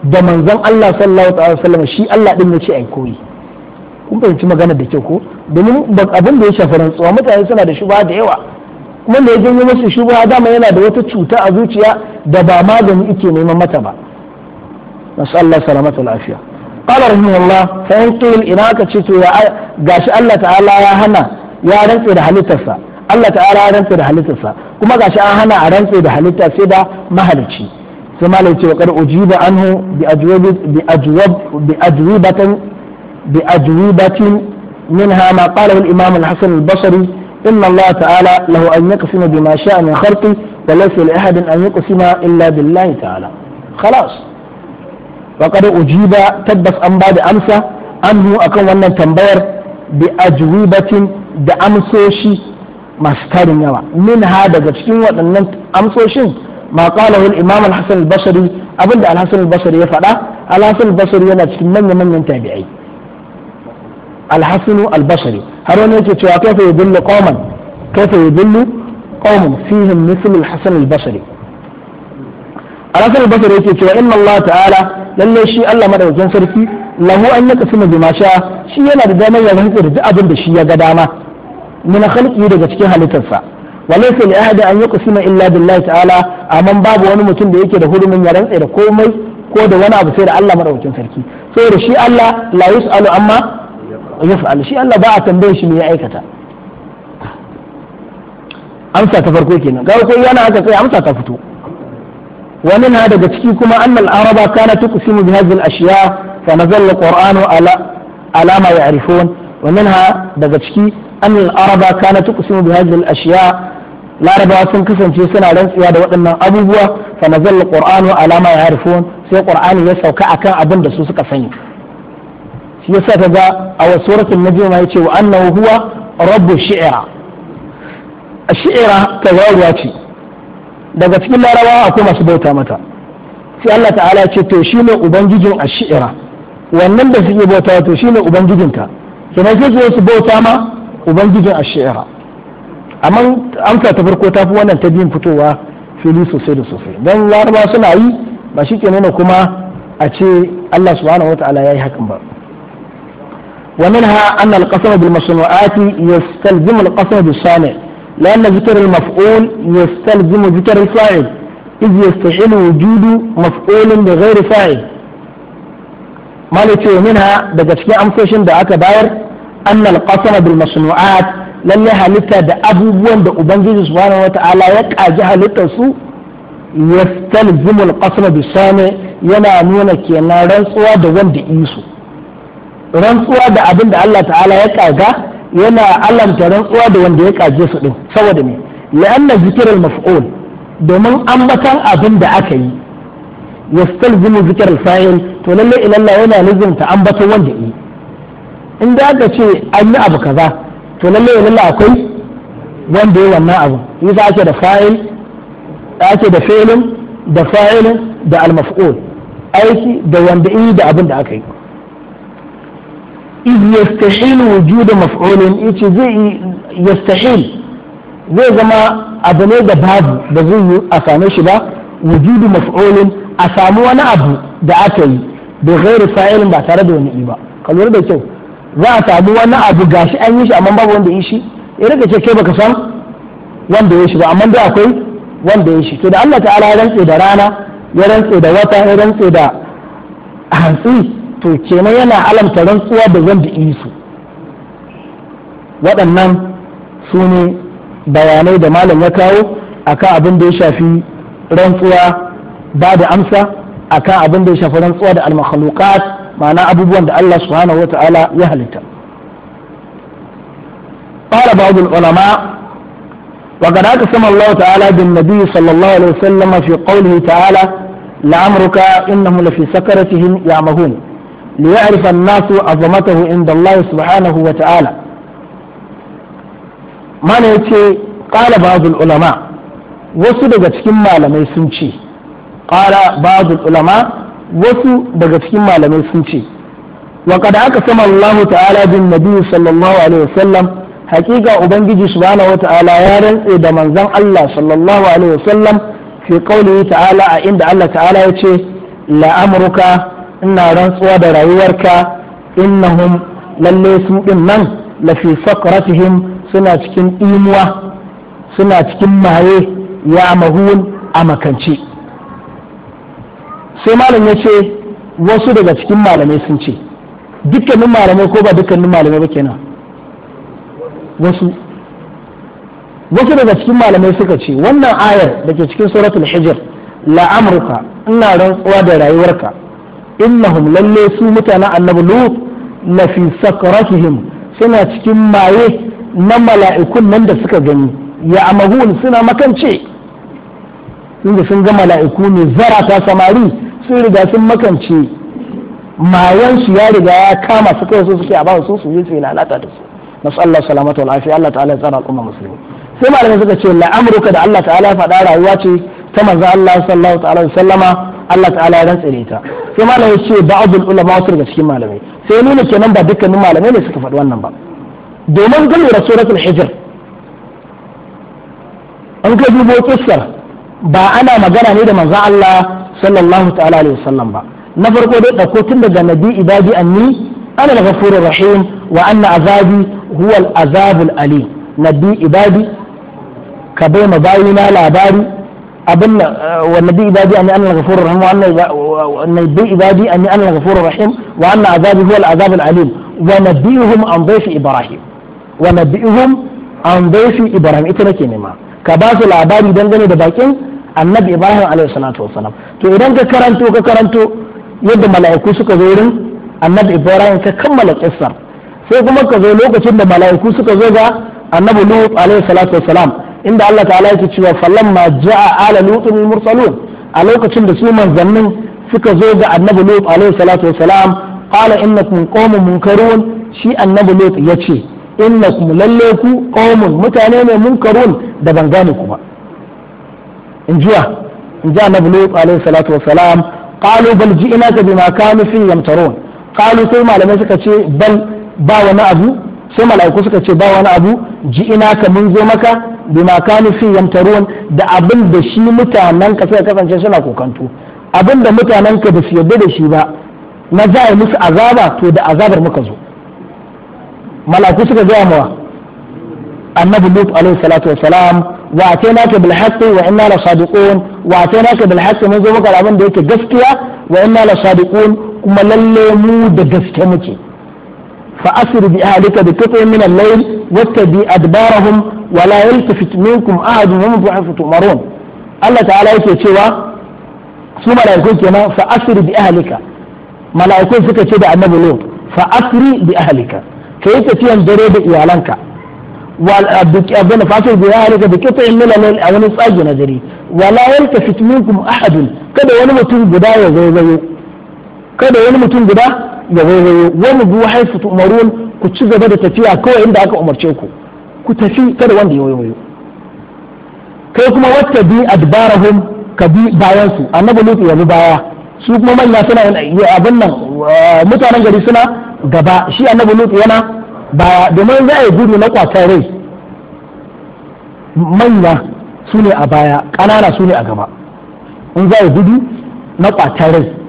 da manzon Allah sallallahu alaihi wasallam shi Allah din ya ce ai koyi kun fahimci magana da kyau ko domin abin da ya shafi rantsuwa mutane suna da shuba da yawa kuma da ya janyo musu shubha dama yana da wata cuta a zuciya da ba magani yake neman mata ba nasu Allah salamata lafiya qala rahimahullah fa in qil ina ka ce to ya gashi Allah ta'ala ya hana ya rantse da halittarsa Allah ta'ala ya rantse da halittarsa kuma gashi an hana a rantse da halitta sai da mahalicci sai malai ce wa qad ujiba anhu bi ajwab bi ajwab bi ajwibatan bi ajwibatin minha ma qala al-imam al-hasan al-basri إن الله تعالى له أن يقسم بما شاء من خلقه وليس لأحد أن يقسم إلا بالله تعالى خلاص وقد أجيب تبس أن بعد أمسى akan أكون وانا تنبير بأجوبة da amsoshi masu tarin yawa min ha daga cikin waɗannan amsoshin ma qalahu imam al-hasan basri abinda al basri ya faɗa al basri yana cikin manyan manyan tabi'ai al har wani yake cewa kaifa yudillu qauman kaifa yudillu qauman fihim mislu al-hasan al-basri al-hasan al-basri yake cewa inna Allah ta'ala lalle shi Allah madaukakin sarki lahu an yaqsimu bima sha shi yana da damar ya rantsa da duk abin da shi ya ga dama min khalqi daga cikin halittarsa walaysa li ahadi an yaqsima illa billahi ta'ala amma babu wani mutum da yake da hurumin ya rantsa da komai ko da wani abu sai da Allah madaukakin sarki saboda shi Allah la yus'alu amma yaf'al shi Allah ba a tambaye shi me ya aikata amsa ta farko kenan ga ko yana haka sai amsa ta fito wani na daga ciki kuma annal araba kana tuqsimu bi hadhihi al-ashya fa nazala al-qur'anu ala ala ma ya'rifun wa minha daga ciki annal araba kana tuqsimu bi hadhihi al-ashya larabawa sun kasance suna rantsuwa da waɗannan abubuwa fa nazala al-qur'anu ala ma ya'rifun sai qur'ani ya sauka akan abin da su suka sani shi yasa ta ga a wasu na jima ya ce wa annahu huwa a shi'ira ta tawaruwa ce daga cikin a akwai masu bauta mata sai Allah ta'ala ya ce to shi ne ubangijin a shi'ira. wannan da suke bauta to shi shine ubangijinka kuma sai su su bauta ma ubangijin a shi'ira amma amsa ta farko ta fi wannan ta biyun fitowa fili sosai da sosai dan larabawa suna yi ba shi ke nuna kuma a ce Allah subhanahu wataala ya yi hakan ba ومنها أن القسم بالمصنوعات يستلزم القسم بالصانع لأن ذكر المفعول يستلزم ذكر الفاعل إذ يستحيل وجود مفعول بغير فاعل ما منها دقشكي أمسوشن دا أكا باير أن القسم بالمصنوعات lalle halitta da abubuwan da ubangiji subhanahu wata'ala ya kaji halittar su yastalzimul qasma bisani yana nuna kenan rantsuwa da wanda isu rantsuwa da abin da Allah ta'ala ya kaga yana alamta rantsuwa da wanda ya kaje su din saboda me la'anna al maf'ul domin ambatan abin da aka yi yastalzimu al fa'il to lalle ilalla yana lazimta ambaton wanda yi in da aka ce an yi abu kaza to lalle ilalla akwai wanda ya wannan abu yasa ake da fa'il ake da fa'ilin da fa'ilin da al-maf'ul aiki da wanda yi da abin da aka yi iz yastahil wujuda maf'ulin yace zai zai zama abu ne da babu da zai yi a same shi ba wujudu maf'ulin a samu wani abu da aka yi da ghairi fa'ilin ba tare da wani ba ka da kyau za a samu wani abu gashi an yi shi amma babu wanda yi shi ya ce kai baka san wanda ya shi ba amma da akwai wanda ya shi da Allah ta'ala ya rantse da rana ya rantse da wata ya rantse da hantsi to kenan yana alamta rantsuwa da wanda yi su waɗannan su ne bayanai da malam ya kawo kan abin da ya shafi rantsuwa ba da amsa akan abin da ya shafi rantsuwa da almakhluqat ma'ana abubuwan da Allah subhanahu ya halitta قال بعض العلماء وقد أقسم الله تعالى بالنبي صلى الله عليه وسلم في قوله تعالى لعمرك إنهم لفي سكرتهم يعمهون ليعرف الناس عظمته عند الله سبحانه وتعالى ما نيتي قال بعض العلماء wasu daga cikin malamai sun ce ƙara ba'dul ulama wasu daga cikin malamai sun ce wa kada aka sama Allah ta'ala bin nabi sallallahu alaihi wasallam hakika ubangiji subhanahu ta'ala ya rantse da manzon Allah sallallahu alaihi wasallam fi qawlihi ta'ala a inda Allah ta'ala ya ce la amruka ina rantsuwa da rayuwarka innahum lalle su din nan lafi sakratihim suna cikin imuwa suna cikin maye ya mahun a makance sai malam ya ce wasu daga cikin malamai sun ce dukkanin malamai ko ba dukkanin malamai ba kenan wasu wasu daga cikin malamai suka ce wannan ayar da ke cikin suratul hijr la'amurka ina rantsuwa da rayuwarka innahum lalle su mutanen annabi lut la fi sakratihim suna cikin maye na mala'ikun nan da suka gani ya amahun suna makance inda sun ga mala'iku ne zarata samari sun riga sun makance mayansu ya riga ya kama su kai su suke a bawa su su yi su lalata da su nasu Allah salamata wa lafiya Allah ta'ala ya tsara al'umma musulmi sai malamai suka ce la'amruka da Allah ta'ala Ya faɗa rayuwa ce ta manzo Allah sallallahu ta'ala sallama Allah ta'ala ya rantsare ta sai malam ya ce ba'dul ulama wasu daga cikin malamai sai nuna kenan ba dukkanin malamai ne suka faɗi wannan ba domin gami da suratul hijr an ka dubo kissar ba ana magana ne da manzon Allah sallallahu ta'ala alaihi wasallam ba na farko dai dauko tun daga nabi ibadi anni ana al-ghafurur rahim wa anna azabi huwa al-azabul Ali, nabi ibadi ka bai bayina labari abin nan eh, wannabi ibadi anni ana ghafurur rahim wa anna wannabi ibadi anni ana ghafurur rahim wa anna azabi huwa al-azab al-alim wa nabihum an dhayfi ibrahim wa nabihum an dhayfi ibrahim ita nake nema ka ba su labari dangane da bakin annabi ibrahim alaihi salatu wassalam to idan ka karanto ka karanto yadda mala'iku suka zo wurin annabi ibrahim ka kammala kissar sai kuma ka zo lokacin da mala'iku suka zo ga annabi lut alaihi salatu wassalam inda Allah ta'ala yake cewa falamma ja'a ala lutun mursalun a lokacin da su manzannin suka zo ga annabi lut alaihi salatu wassalam qala innakum qaumun munkarun shi annabi lut yace innakum lalle ku qaumun mutane ne munkarun da ban gane ku ba in jiya in ji annabi lut alaihi salatu wassalam qalu bal ji'naka bima kanu fi yamtarun qalu sai malamai suka ce bal ba wani abu sai mala'iku suka ce ba wani abu ji'ina ka mun zo maka bima kanu fi yamtarun da abin da shi mutanen ka suka kasance suna kokanto abin da mutanen ka su yarda da shi ba na za a musu azaba to da azabar muka zo malaku suka gaya mawa annabi lut Alayhi salatu wassalam wa atainaka bil haqqi wa inna la sadiqun wa atainaka bil haqqi mun zo maka abin da yake gaskiya wa inna la sadiqun kuma lalle mu da gaske muke فأسر بأهلك بقطع من الليل واتبع أدبارهم ولا يلتفت منكم أحد منهم حيث تؤمرون الله تعالى yake cewa su mala'iku kenan fa asri bi ahlika mala'iku suka ce da annabi lut fa asri bi ahlika kai tafiyan dare da iyalanka wal abduki abin fa asri bi ahlika bi qita'in min al-layl aw min sa'ati nazari wala yaltafit wani mutum guda ya zaizayo kada wani mutum guda zai wani bu haisu tumarun ku ci gaba da tafiya kawai inda aka umarce ku ku tafi kada wanda ya wayo kai kuma wata bi adbarahum ka bi bayan su annabi lutu ya bi baya su kuma manya suna abin nan eh, mutanen gari suna gaba shi annabi lutu yana baya domin za a yi gudu na kwatar rai manya su ne a baya ƙanana su ne a gaba in za a yi gudu na kwatar rai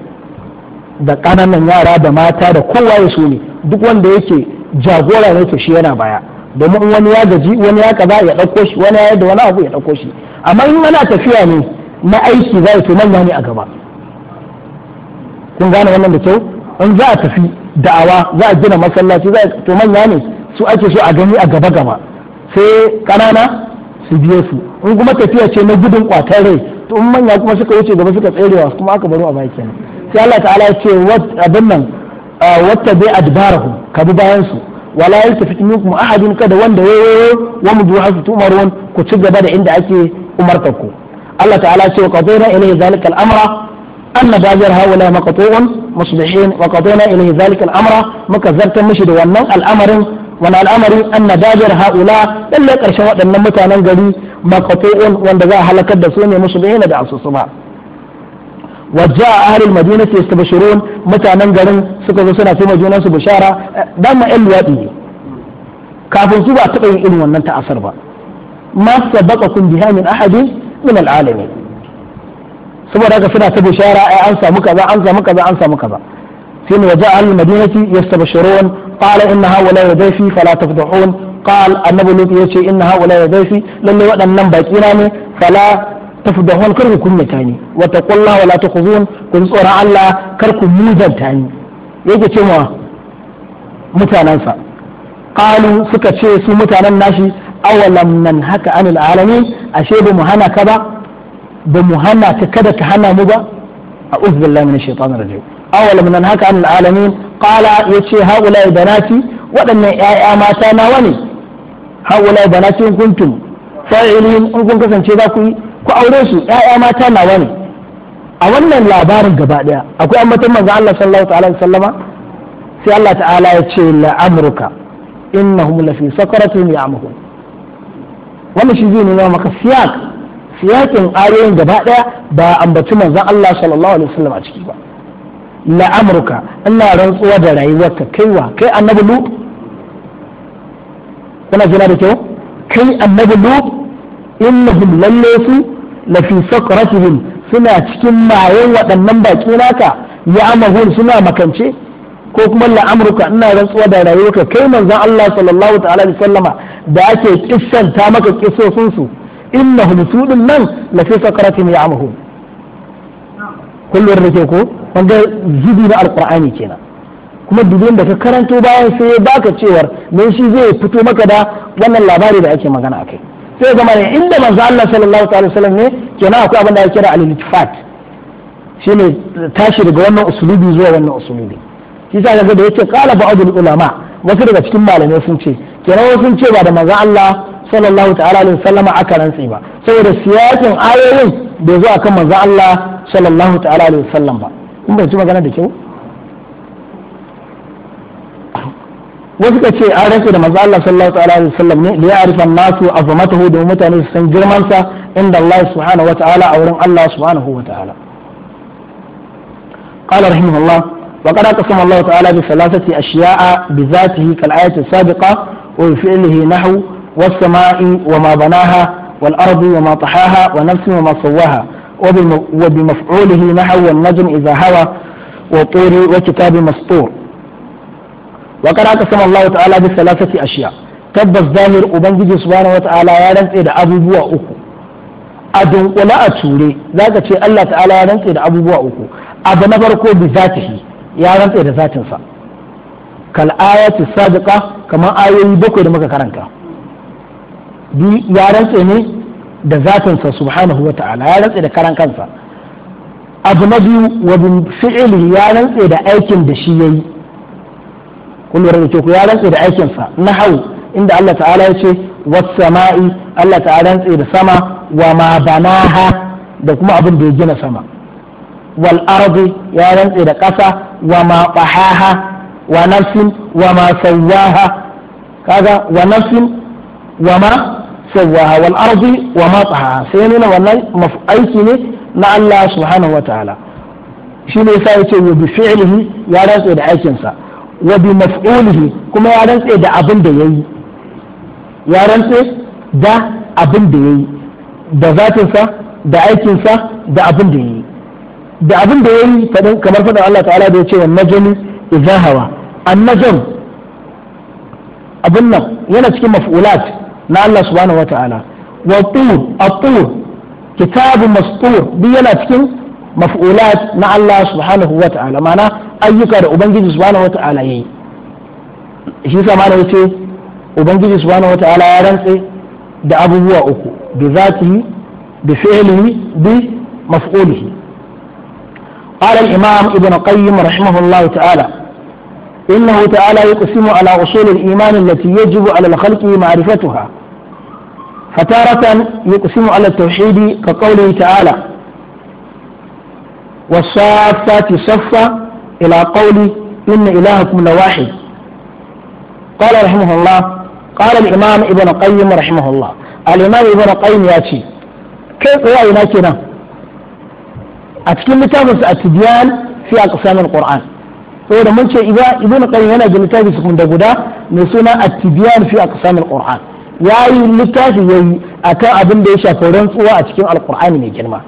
da ƙananan yara da mata da kowa ya so ne duk wanda yake jagora ne to shi yana baya domin wani ya gaji wani ya kaza ya ɗauko shi wani ya da wani abu ya ɗauko shi amma in wani tafiya ne na aiki za to manya ne a gaba kun gane wannan da kyau in za a tafi da'awa za a gina masallaci za to manya ne su ake so a gani a gaba gaba sai ƙanana su biye su in kuma tafiya ce na gudun kwatar rai to in manya kuma suka wuce gaba suka tserewa kuma aka baro a baki kenan sai Allah ta'ala ya ce abin nan ah, wata bai adbarahum ka bi bayan su wala yaltafi kada wanda wayo wa mudu hasu tumarun ku ci gaba da inda ake umartar ku Allah ta'ala ce wa qadayna ilayhi zalika al-amra أن بازر هؤلاء مقطوع مصبحين وقضينا إليه ذلك الأمر مكذبت مشد ونن الأمر ون الأمر أن بازر هؤلاء إلا قرشوا أن متانا قلي مقطوع وان وجاء أهل المدينة يستبشرون متى ننجرن سكوا سنا في مدينة بشارة دام إل وادي كافن سوا تقين إل وان ننتع أصربا ما سبقكم بها من أحد من العالمين سوا راك سنة في بشارة أنسى مكذا أنسى مكذا أنسى مكذا ثم وجاء أهل المدينة يستبشرون قال إن هؤلاء يضيفي فلا تفضحون قال النبي لوط يشي إن هؤلاء يضيفي لن يوأنا النبي فلا tafdahun kar ku kunyata ni wata taqullaha wala takhuzun kun tsoron Allah kar ku mudanta ni yake ma mutanensa qalu suka ce su mutanen nashi awalam nan haka anil alamin ashe ba mu hana ka ba ba mu hana ka kada ka hana mu ba a'udhu billahi minash shaitanir rajim awalam nan haka anil alamin qala yace haula banati waɗannan ƴaƴa mata nawa ne haula banati kuntum fa'ilin in kun kasance za ku yi ku aure su ƴaƴa mata nawa ne a wannan labarin gaba daya akwai ambaton manzo Allah sallallahu ta'ala sallama sai Allah ta'ala ya ce la amruka innahum lafi sakaratin ya'mahun wannan shi zai nuna maka siyak siyakin ayoyin gaba daya ba ambaci manzo Allah sallallahu alaihi wasallam a ciki ba la amruka ina rantsuwa da rayuwarka kaiwa kai annabi lu kuna jira da kyau kai annabi lu innahum lalle su la fi sakratihim suna cikin mayan waɗannan baki naka ya amahun suna makance ko kuma la'amruka ina rantsuwa da rayuwarka kai manzon Allah sallallahu ta'ala alaihi sallama da ake kissanta maka kissosin su innahum sudun din nan la fi sakratihim ya amahun kullum da ke ko wanda zubi na alqur'ani kenan kuma dubin da ka karanto bayan sai ya baka cewar dan shi zai fito maka da wannan labari da ake magana akai sai zama ne inda manzo Allah sallallahu alaihi wasallam ne kenan akwai abin da ake kira al shi shine tashi daga wannan usulubi zuwa wannan usulubi shi sa kaga da yake qala ba'dul ulama wasu daga cikin malamai sun ce kenan wasu sun ce ba da manzo Allah sallallahu ta'ala alaihi wasallam aka rantsi ba saboda siyasin ayoyin bai zo akan manzo Allah sallallahu ta'ala alaihi wasallam ba in bai ci magana da kyau suka ce an rasu da manzo Allah sallallahu alaihi wasallam ne ya arifa nasu azamatahu da mutane su san girman sa inda Allah subhanahu wataala a wurin Allah subhanahu wataala قال رحمه الله وقد قسم الله تعالى بثلاثة أشياء بذاته كالآية السابقة وبفعله نحو والسماء وما بناها والأرض وما طحاها ونفس وما سواها وبمفعوله نحو والنجم إذا هوى وطور وكتاب مسطور wa kada aka sama Allah ta'ala bi salasati ashiya tabbas zahir ubangiji subhanahu wa ta'ala ya rantse da abubuwa uku a dunkula a ture zaka ce Allah ta'ala ya rantse da abubuwa uku abu na farko bi zatihi ya rantse da sa kal ayati Sadiqa kamar ayoyi bakwai da muka karanta bi ya rantse ne da sa subhanahu wa ta'ala ya rantse da karan kansa abu na biyu wa bi fi'li ya rantse da aikin da shi yayi kun lura da ke ku ya rantse da aikinsa na hau inda Allah ta'ala ya ce sama'i Allah ta'ala rantse da sama wa ma banaha da kuma abin da ya gina sama wal ardi ya rantse da ƙasa wa ma qahaha wa nafsin wa ma sawaha kaga wa nafsin wa ma sawaha wal ardi wa ma qahaha sai nuna wannan aiki ne na Allah subhanahu wa ta'ala shine yasa yace wa bi fi'lihi ya rantse da aikinsa wa bi mas'ulihi kuma ya rantse da abin da yayi ya rantse da abin da yayi da zatinsa da aikinsa da abin da yayi da abin da yayi kamar faɗin Allah ta'ala da ya ce wa najmi idza hawa an najm abin nan yana cikin maf'ulat na Allah subhanahu wa ta'ala wa tur at-tur kitabun mastur bi yana cikin maf'ulat na Allah subhanahu wa ta'ala mana ayyuka da ubangiji subhanahu wa ta'ala yayi shi sa mana yace ubangiji subhanahu wa ta'ala ya rantse da abubuwa uku bi zatihi bi fi'lihi bi maf'ulihi قال الإمام ابن القيم رحمه الله تعالى إنه تعالى يقسم على أصول الإيمان التي يجب على الخلق معرفتها فتارة يقسم على التوحيد كقوله تعالى والصافات صفا إلى قولي إن إلهكم لواحد قال رحمه الله قال الإمام ابن قيم رحمه الله الإمام ابن قيم ياتي كيف رأينا كنا أتكلم تابس التبيان في أقسام القرآن saboda mun ce ibn yana da littafi su da guda mai suna at-tibyan fi aqsam al-qur'an yayi littafi yayi akan abin da ya shafi rantsuwa a cikin Alƙur'ani mai girma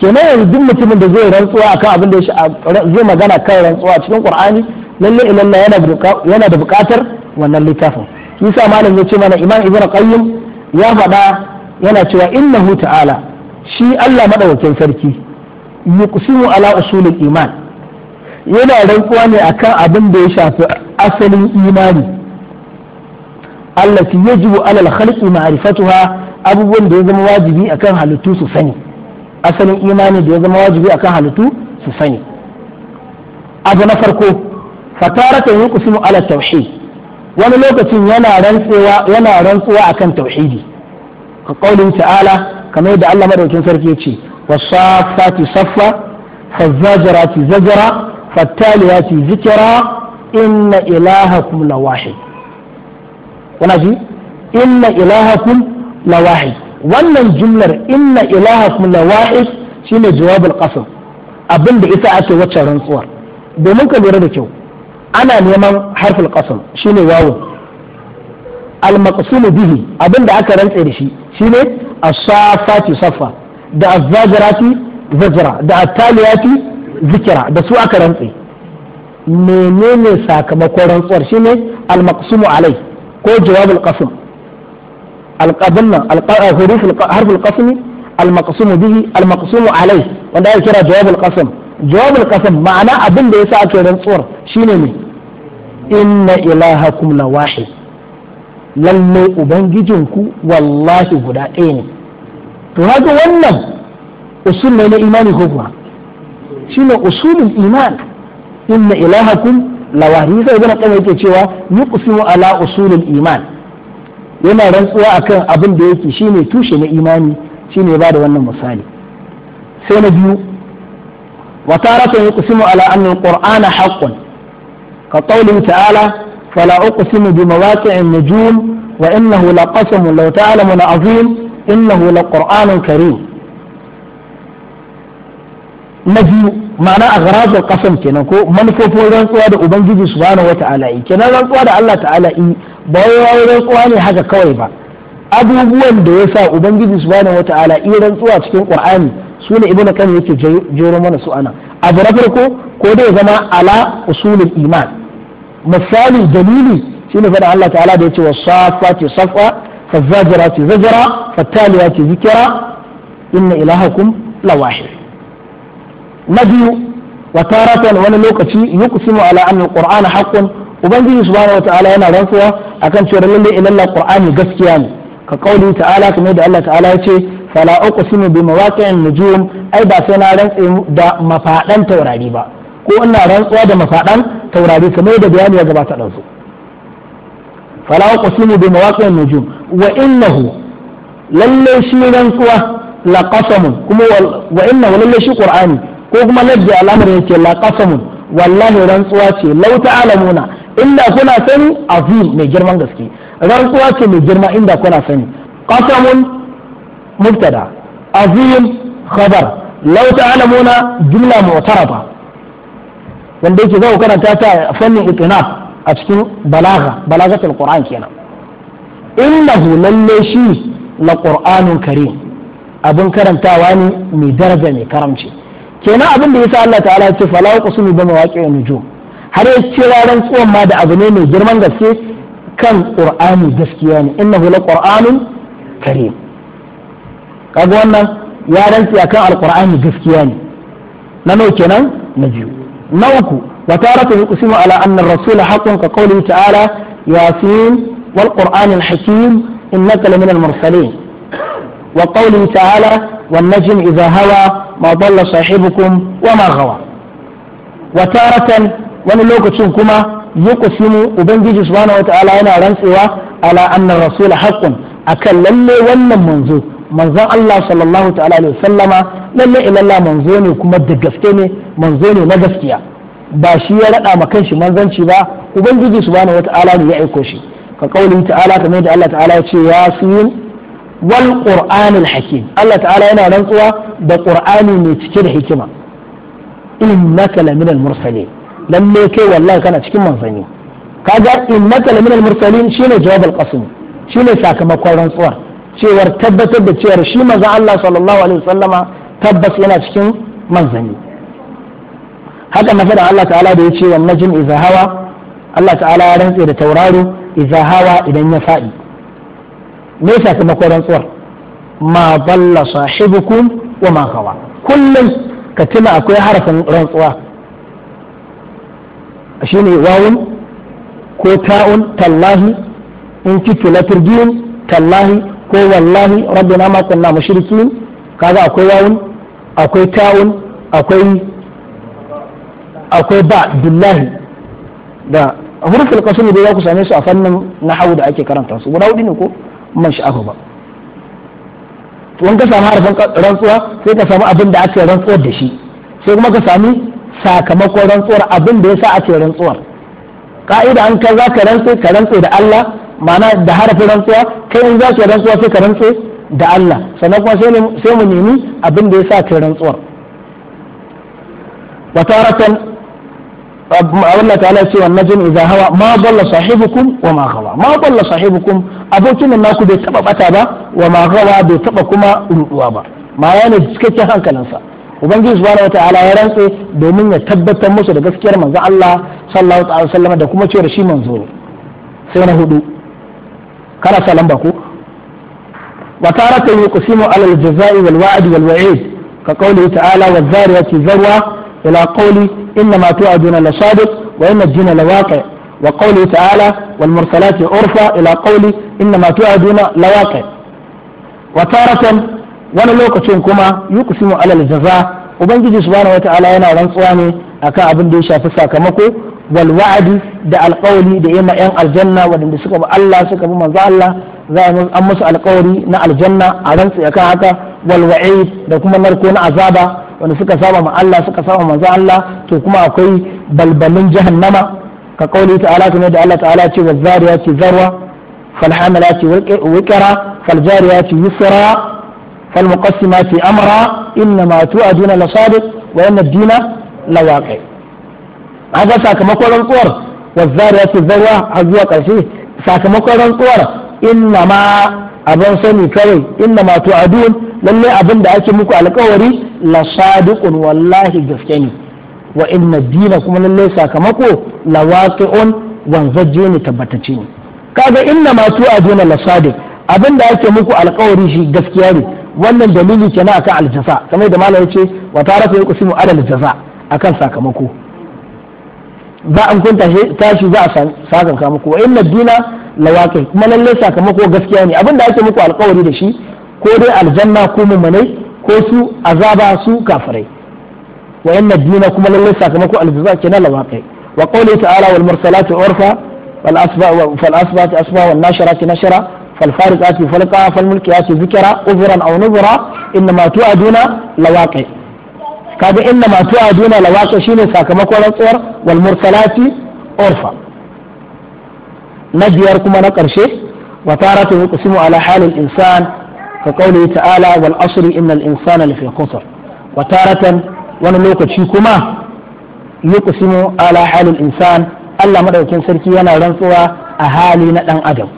kenan yanzu duk mutumin da zai rantsuwa akan abin da zai magana kan rantsuwa cikin qur'ani lalle ilalla yana da buƙatar wannan littafin yasa malam ya ce mana imam ibnu qayyim ya faɗa yana cewa innahu ta'ala shi Allah madaukakin sarki yuqsimu ala usulil iman yana rantsuwa ne akan abin da ya shafi asalin imani allati yajibu ala al-khalqi ma'rifatuha abubuwan da ya zama wajibi akan halittu su sani asalin imani da ya zama wajibi akan halittu su sani abu na farko fataratan yuqsimu ala tauhid wani lokacin yana rantsuwa yana rantsuwa akan tauhidi ka qaulin ta'ala kamar yadda Allah madaukin sarki ya ce wasafati saffa fazzajrati zajra fattaliyati zikira, inna ilahakum lawahid kuna ji inna ilahakum lawahid wannan jumlar inna ilahakum lawa'is shine jawabul qasam abin da ita ake wacce rantsuwar domin ka lura da kyau ana neman harful qasam shine wawu al bihi abin da aka rantse da shi shine as-safati safa da az-zajrati zajra da at-taliyati zikra da su aka rantse menene sakamakon rantsuwar shine al maqsumu alai ko jawabul qasam alqablan alhuruf harf alqasmi almaqsum bihi almaqsum alai wanda ake kira jawab alqasam jawab alqasam ma'ana abin da sa ake rantsuwar shine ne inna ubangijinku wallahi guda ɗaya ne to haka wannan usul ne na imani ko kuwa ne usulin iman inna ilahakum lawahid sai ibn qayyim yake cewa yuqsimu ala usulin iman yana rantsuwa akan abin da yake shine tushe na imani shine ba da wannan misali sai na biyu wa taratan yuqsimu ala anna alqur'ana haqqun ka qawlihi ta'ala fala uqsimu bi mawaqi'in nujum wa innahu laqasamun law ta'lamun azim innahu laqur'anun karim na biyu ma'ana a garajar kasan kenan ko manufofin rantsuwa da ubangiji subhanahu wata'ala yi kenan rantsuwa da Allah ta'ala ba wai wai rantsuwa ne haka kawai ba abubuwan da yasa ubangiji subhanahu wataala iya rantsuwa cikin qur'ani su ne ibnu kan yake jero mana su ana abu na farko ko dai zama ala usulul iman misali dalili shine fada Allah ta'ala da yace wasafati safa fazajirati zajra fataliyati zikra inna ilahakum lawahid na biyu wa taratan wani lokaci yuqsimu ala anna alqur'ana haqqun ubangiji subhanahu wataala yana rantsuwa akan cewa lalle ilalla qur'ani gaskiya ne ka kauli ta'ala kamar da Allah ta'ala ya ce fala uqsimu bi mawaqi'in nujum ai ba sai na rantse da mafadan taurari ba ko ina rantsuwa da mafadan taurari kamar da bayani ya gabata dan su fala uqsimu bi mawaqi'in nujum wa innahu lalle shi rantsuwa la qasamun kuma wa innahu lalle shi qur'ani ko kuma ladda al'amarin yake la qasamun wallahi rantsuwa ce lau alamuna inda kuna sani azim mai girman gaske rantsuwa ce mai girma inda kuna sani qasamun mubtada azim khabar lau ta'lamuna jumla mu'tarafa wanda yake zai karanta ta fannin itinaf a cikin balaga balagatul qur'an kenan innahu lalle shi la qur'anun karim abin karantawa ne mai daraja mai karamci kenan abin da yasa Allah ta'ala ya ce fala uqsimu bi mawaqi'in nujum har ya ce ranar tsuwan ma da abu ne mai girman gaske kan qur'ani gaskiya ne innahu laqur'anun karim kaga wannan ya rantsi akan alqur'ani gaskiya ne na nau kenan na biyu na uku wa taratu yuqsimu ala anna ar-rasul haqqun ka qawli ta'ala yasin wal qur'anil hakim innaka lamina al-mursalin wa qawli ta'ala wan najm idha hawa ma dalla sahibukum wa ma gawa wa taratan wani lokacin kuma yuqsimu ubangiji subhanahu wataala yana rantsewa ala anna rasul haqqun akan lalle wannan manzo manzon Allah sallallahu ta'ala alaihi sallama lalle ilallah manzo ne kuma da gaske ne manzo ne na gaskiya ba shi ya rada ma kanshi manzanci ba ubangiji subhanahu wataala ne ya aiko shi ka kaulin ta'ala kamar da Allah ta'ala ya ce ya sin wal qur'anil hakim Allah ta'ala yana rantsuwa da qur'ani mai cike da hikima innaka laminal mursalin lalle kai wallahi kana cikin manzanni kaga innaka laminal mursalin shine jawabul qasim shine sakamakon rantsuwar cewar tabbatar da cewar shi manzo Allah sallallahu alaihi wasallama tabbas yana cikin manzanni haka na faɗa Allah ta'ala da ya ce wannan jin izahawa Allah ta'ala ya rantse da tauraro izahawa idan ya faɗi me yasa kuma ko rantsuwar ma dalla sahibukum wa ma hawa kullum ka tuna akwai harafin rantsuwa ne wawun ko ta'un tallahi in kitu la turgiyun tallahi ko wallahi rabbi na ma shirki ka kaga akwai wawun akwai ta'un akwai akwai ba billahi da hurufin ne da ya ku same su a fannin na hau da ake karanta su guda hudu ne ko man sha'afa ba ka samu harafin rantsuwa sai ka samu abin da ake rantsuwar da shi sai kuma ka sami sakamakon rantsuwar abin da ya sa ake rantsuwar ka'ida an kai za ka rantse ka rantse da Allah ma'ana da harafin rantsuwa kai in za ka rantsuwa sai ka rantse da Allah sannan kuma sai mu nemi abin da ya sa ka rantsuwar wa taratan Allah ta'ala ce wannan jin iza hawa ma dalla sahibukum wa ma gawa ma dalla sahibukum abokin nan naku bai taba bata ba wa ma gawa bai taba kuma ruduwa ba ma yana cikakken hankalinsa ubangiji subhanahu wataala ya rantse domin ya tabbatar musu da gaskiyar manzo Allah sallallahu alaihi wasallam da kuma cewa shi manzo sai na hudu kana salan ba ku? wa taratan yuqsimu ala al-jazaa'i wal wa'd wal wa'id ka qawli ta'ala wadh-dhariyati dharwa ila qawli إنما توعدون لصادق وإن الدين لواقع وقوله تعالى والمرسلات عرفا إلى قوله إنما توعدون لواقع وتارة wani lokacin kuma yuqsimu alal jaza ubangiji subhanahu wataala yana rantsuwa ne akan abin da ya shafi sakamako wal da alƙawari da yima yan aljanna wadanda suka bi Allah suka bi manzo Allah za an musu alƙawari na aljanna a rantsu akan haka wal da kuma narko na azaba wanda suka saba ma Allah suka saba manzo Allah to kuma akwai balbalin jahannama ka kauli ta'ala kamar da Allah ta'ala ce wazzariyati zarwa falhamalati wiqra faljariyati yusra falmuqassimati amra innama tu'aduna lasadiq wa inna ad-dina lawaqi haka sakamakon rantsuwar wazzariyati zarwa har zuwa karshe sakamakon rantsuwar innama abin sani kawai inna ma adun lalle abin da ake muku alkawari la sadiqun wallahi gaske ne wa inna dina kuma lalle sakamako la waqi'un wanzaje ne tabbatacce ne kaga inna ma tu'adun la sadiq abin da ake muku alkawari shi gaskiya ne wannan dalili kenan akan aljaza kamar da malam ce wa tarafa yuqsimu ala jaza akan sakamako ba an kunta tashi za a sakamako wa inna dina lawakin kuma lalle sakamako gaskiya ne abin da ake muku alkawari da shi ko dai aljanna ko mummunai ko su azaba su kafirai wa inna dina kuma lalle sakamako aljaza kenan lawakai wa qawli ta'ala wal mursalati urfa wal asba fal asbat asba wan nasharati nashara fal fariqati falqa fal mulkiyati zikra uzran aw nuzra inma tu'aduna lawaqi kaga inma tu'aduna lawaqi shine sakamakon rantsuwar wal mursalati urfa na biyar kuma na ƙarshe wa taratu yuqsimu ala halil insan ka qawli ta'ala wal asri innal insana lafi khusr wa taratan wani lokaci kuma yuqsimu ala halil insan Allah madaukakin sarki yana rantsuwa a hali na dan adam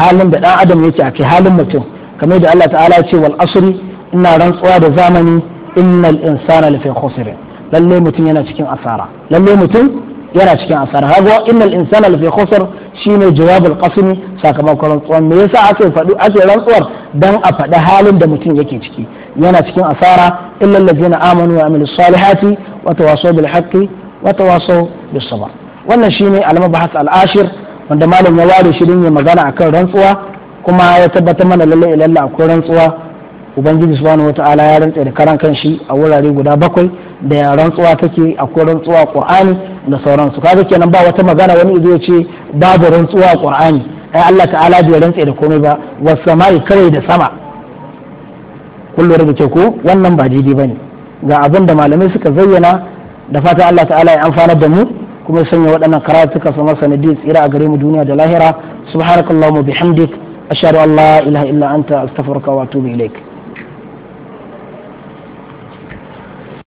halin da dan adam yake ake halin mutum kamar da Allah ta'ala ce wal asri ina rantsuwa da zamani innal insana lafi khusr lalle mutum yana cikin asara lalle mutum yana cikin asara hago innal insana lafi khusr shine jawabul qasmi sakamakon rantsuwar me yasa ake faɗi ake rantsuwar dan a faɗi halin da mutum yake ciki yana cikin asara illa allazina amanu wa amilus salihati wa tawasaw bil haqqi wa tawasaw bis sabr wannan shine al-mabahas al-ashir wanda malam ya ware shirin ya magana akan rantsuwa kuma ya tabbatar mana lalle ilalla akwai rantsuwa ubangiji subhanahu wataala ya rantsa da karan kanshi a wurare guda bakwai da rantsuwa take akwai rantsuwa qur'ani da sauransu kaga kenan ba wata magana wani ya ce babu rantsuwa qur'ani ai Allah ta'ala bai rantse da komai ba was sama'i kare da sama kullu da ke ko wannan ba daidai bane ga abin da malamai suka zayyana da fata Allah ta'ala ya amfana da mu kuma ya sanya waɗannan karatu su masa na tsira a gare mu duniya da lahira subhanakallahumma bihamdik ashhadu an la ilaha illa anta astaghfiruka wa atubu ilaik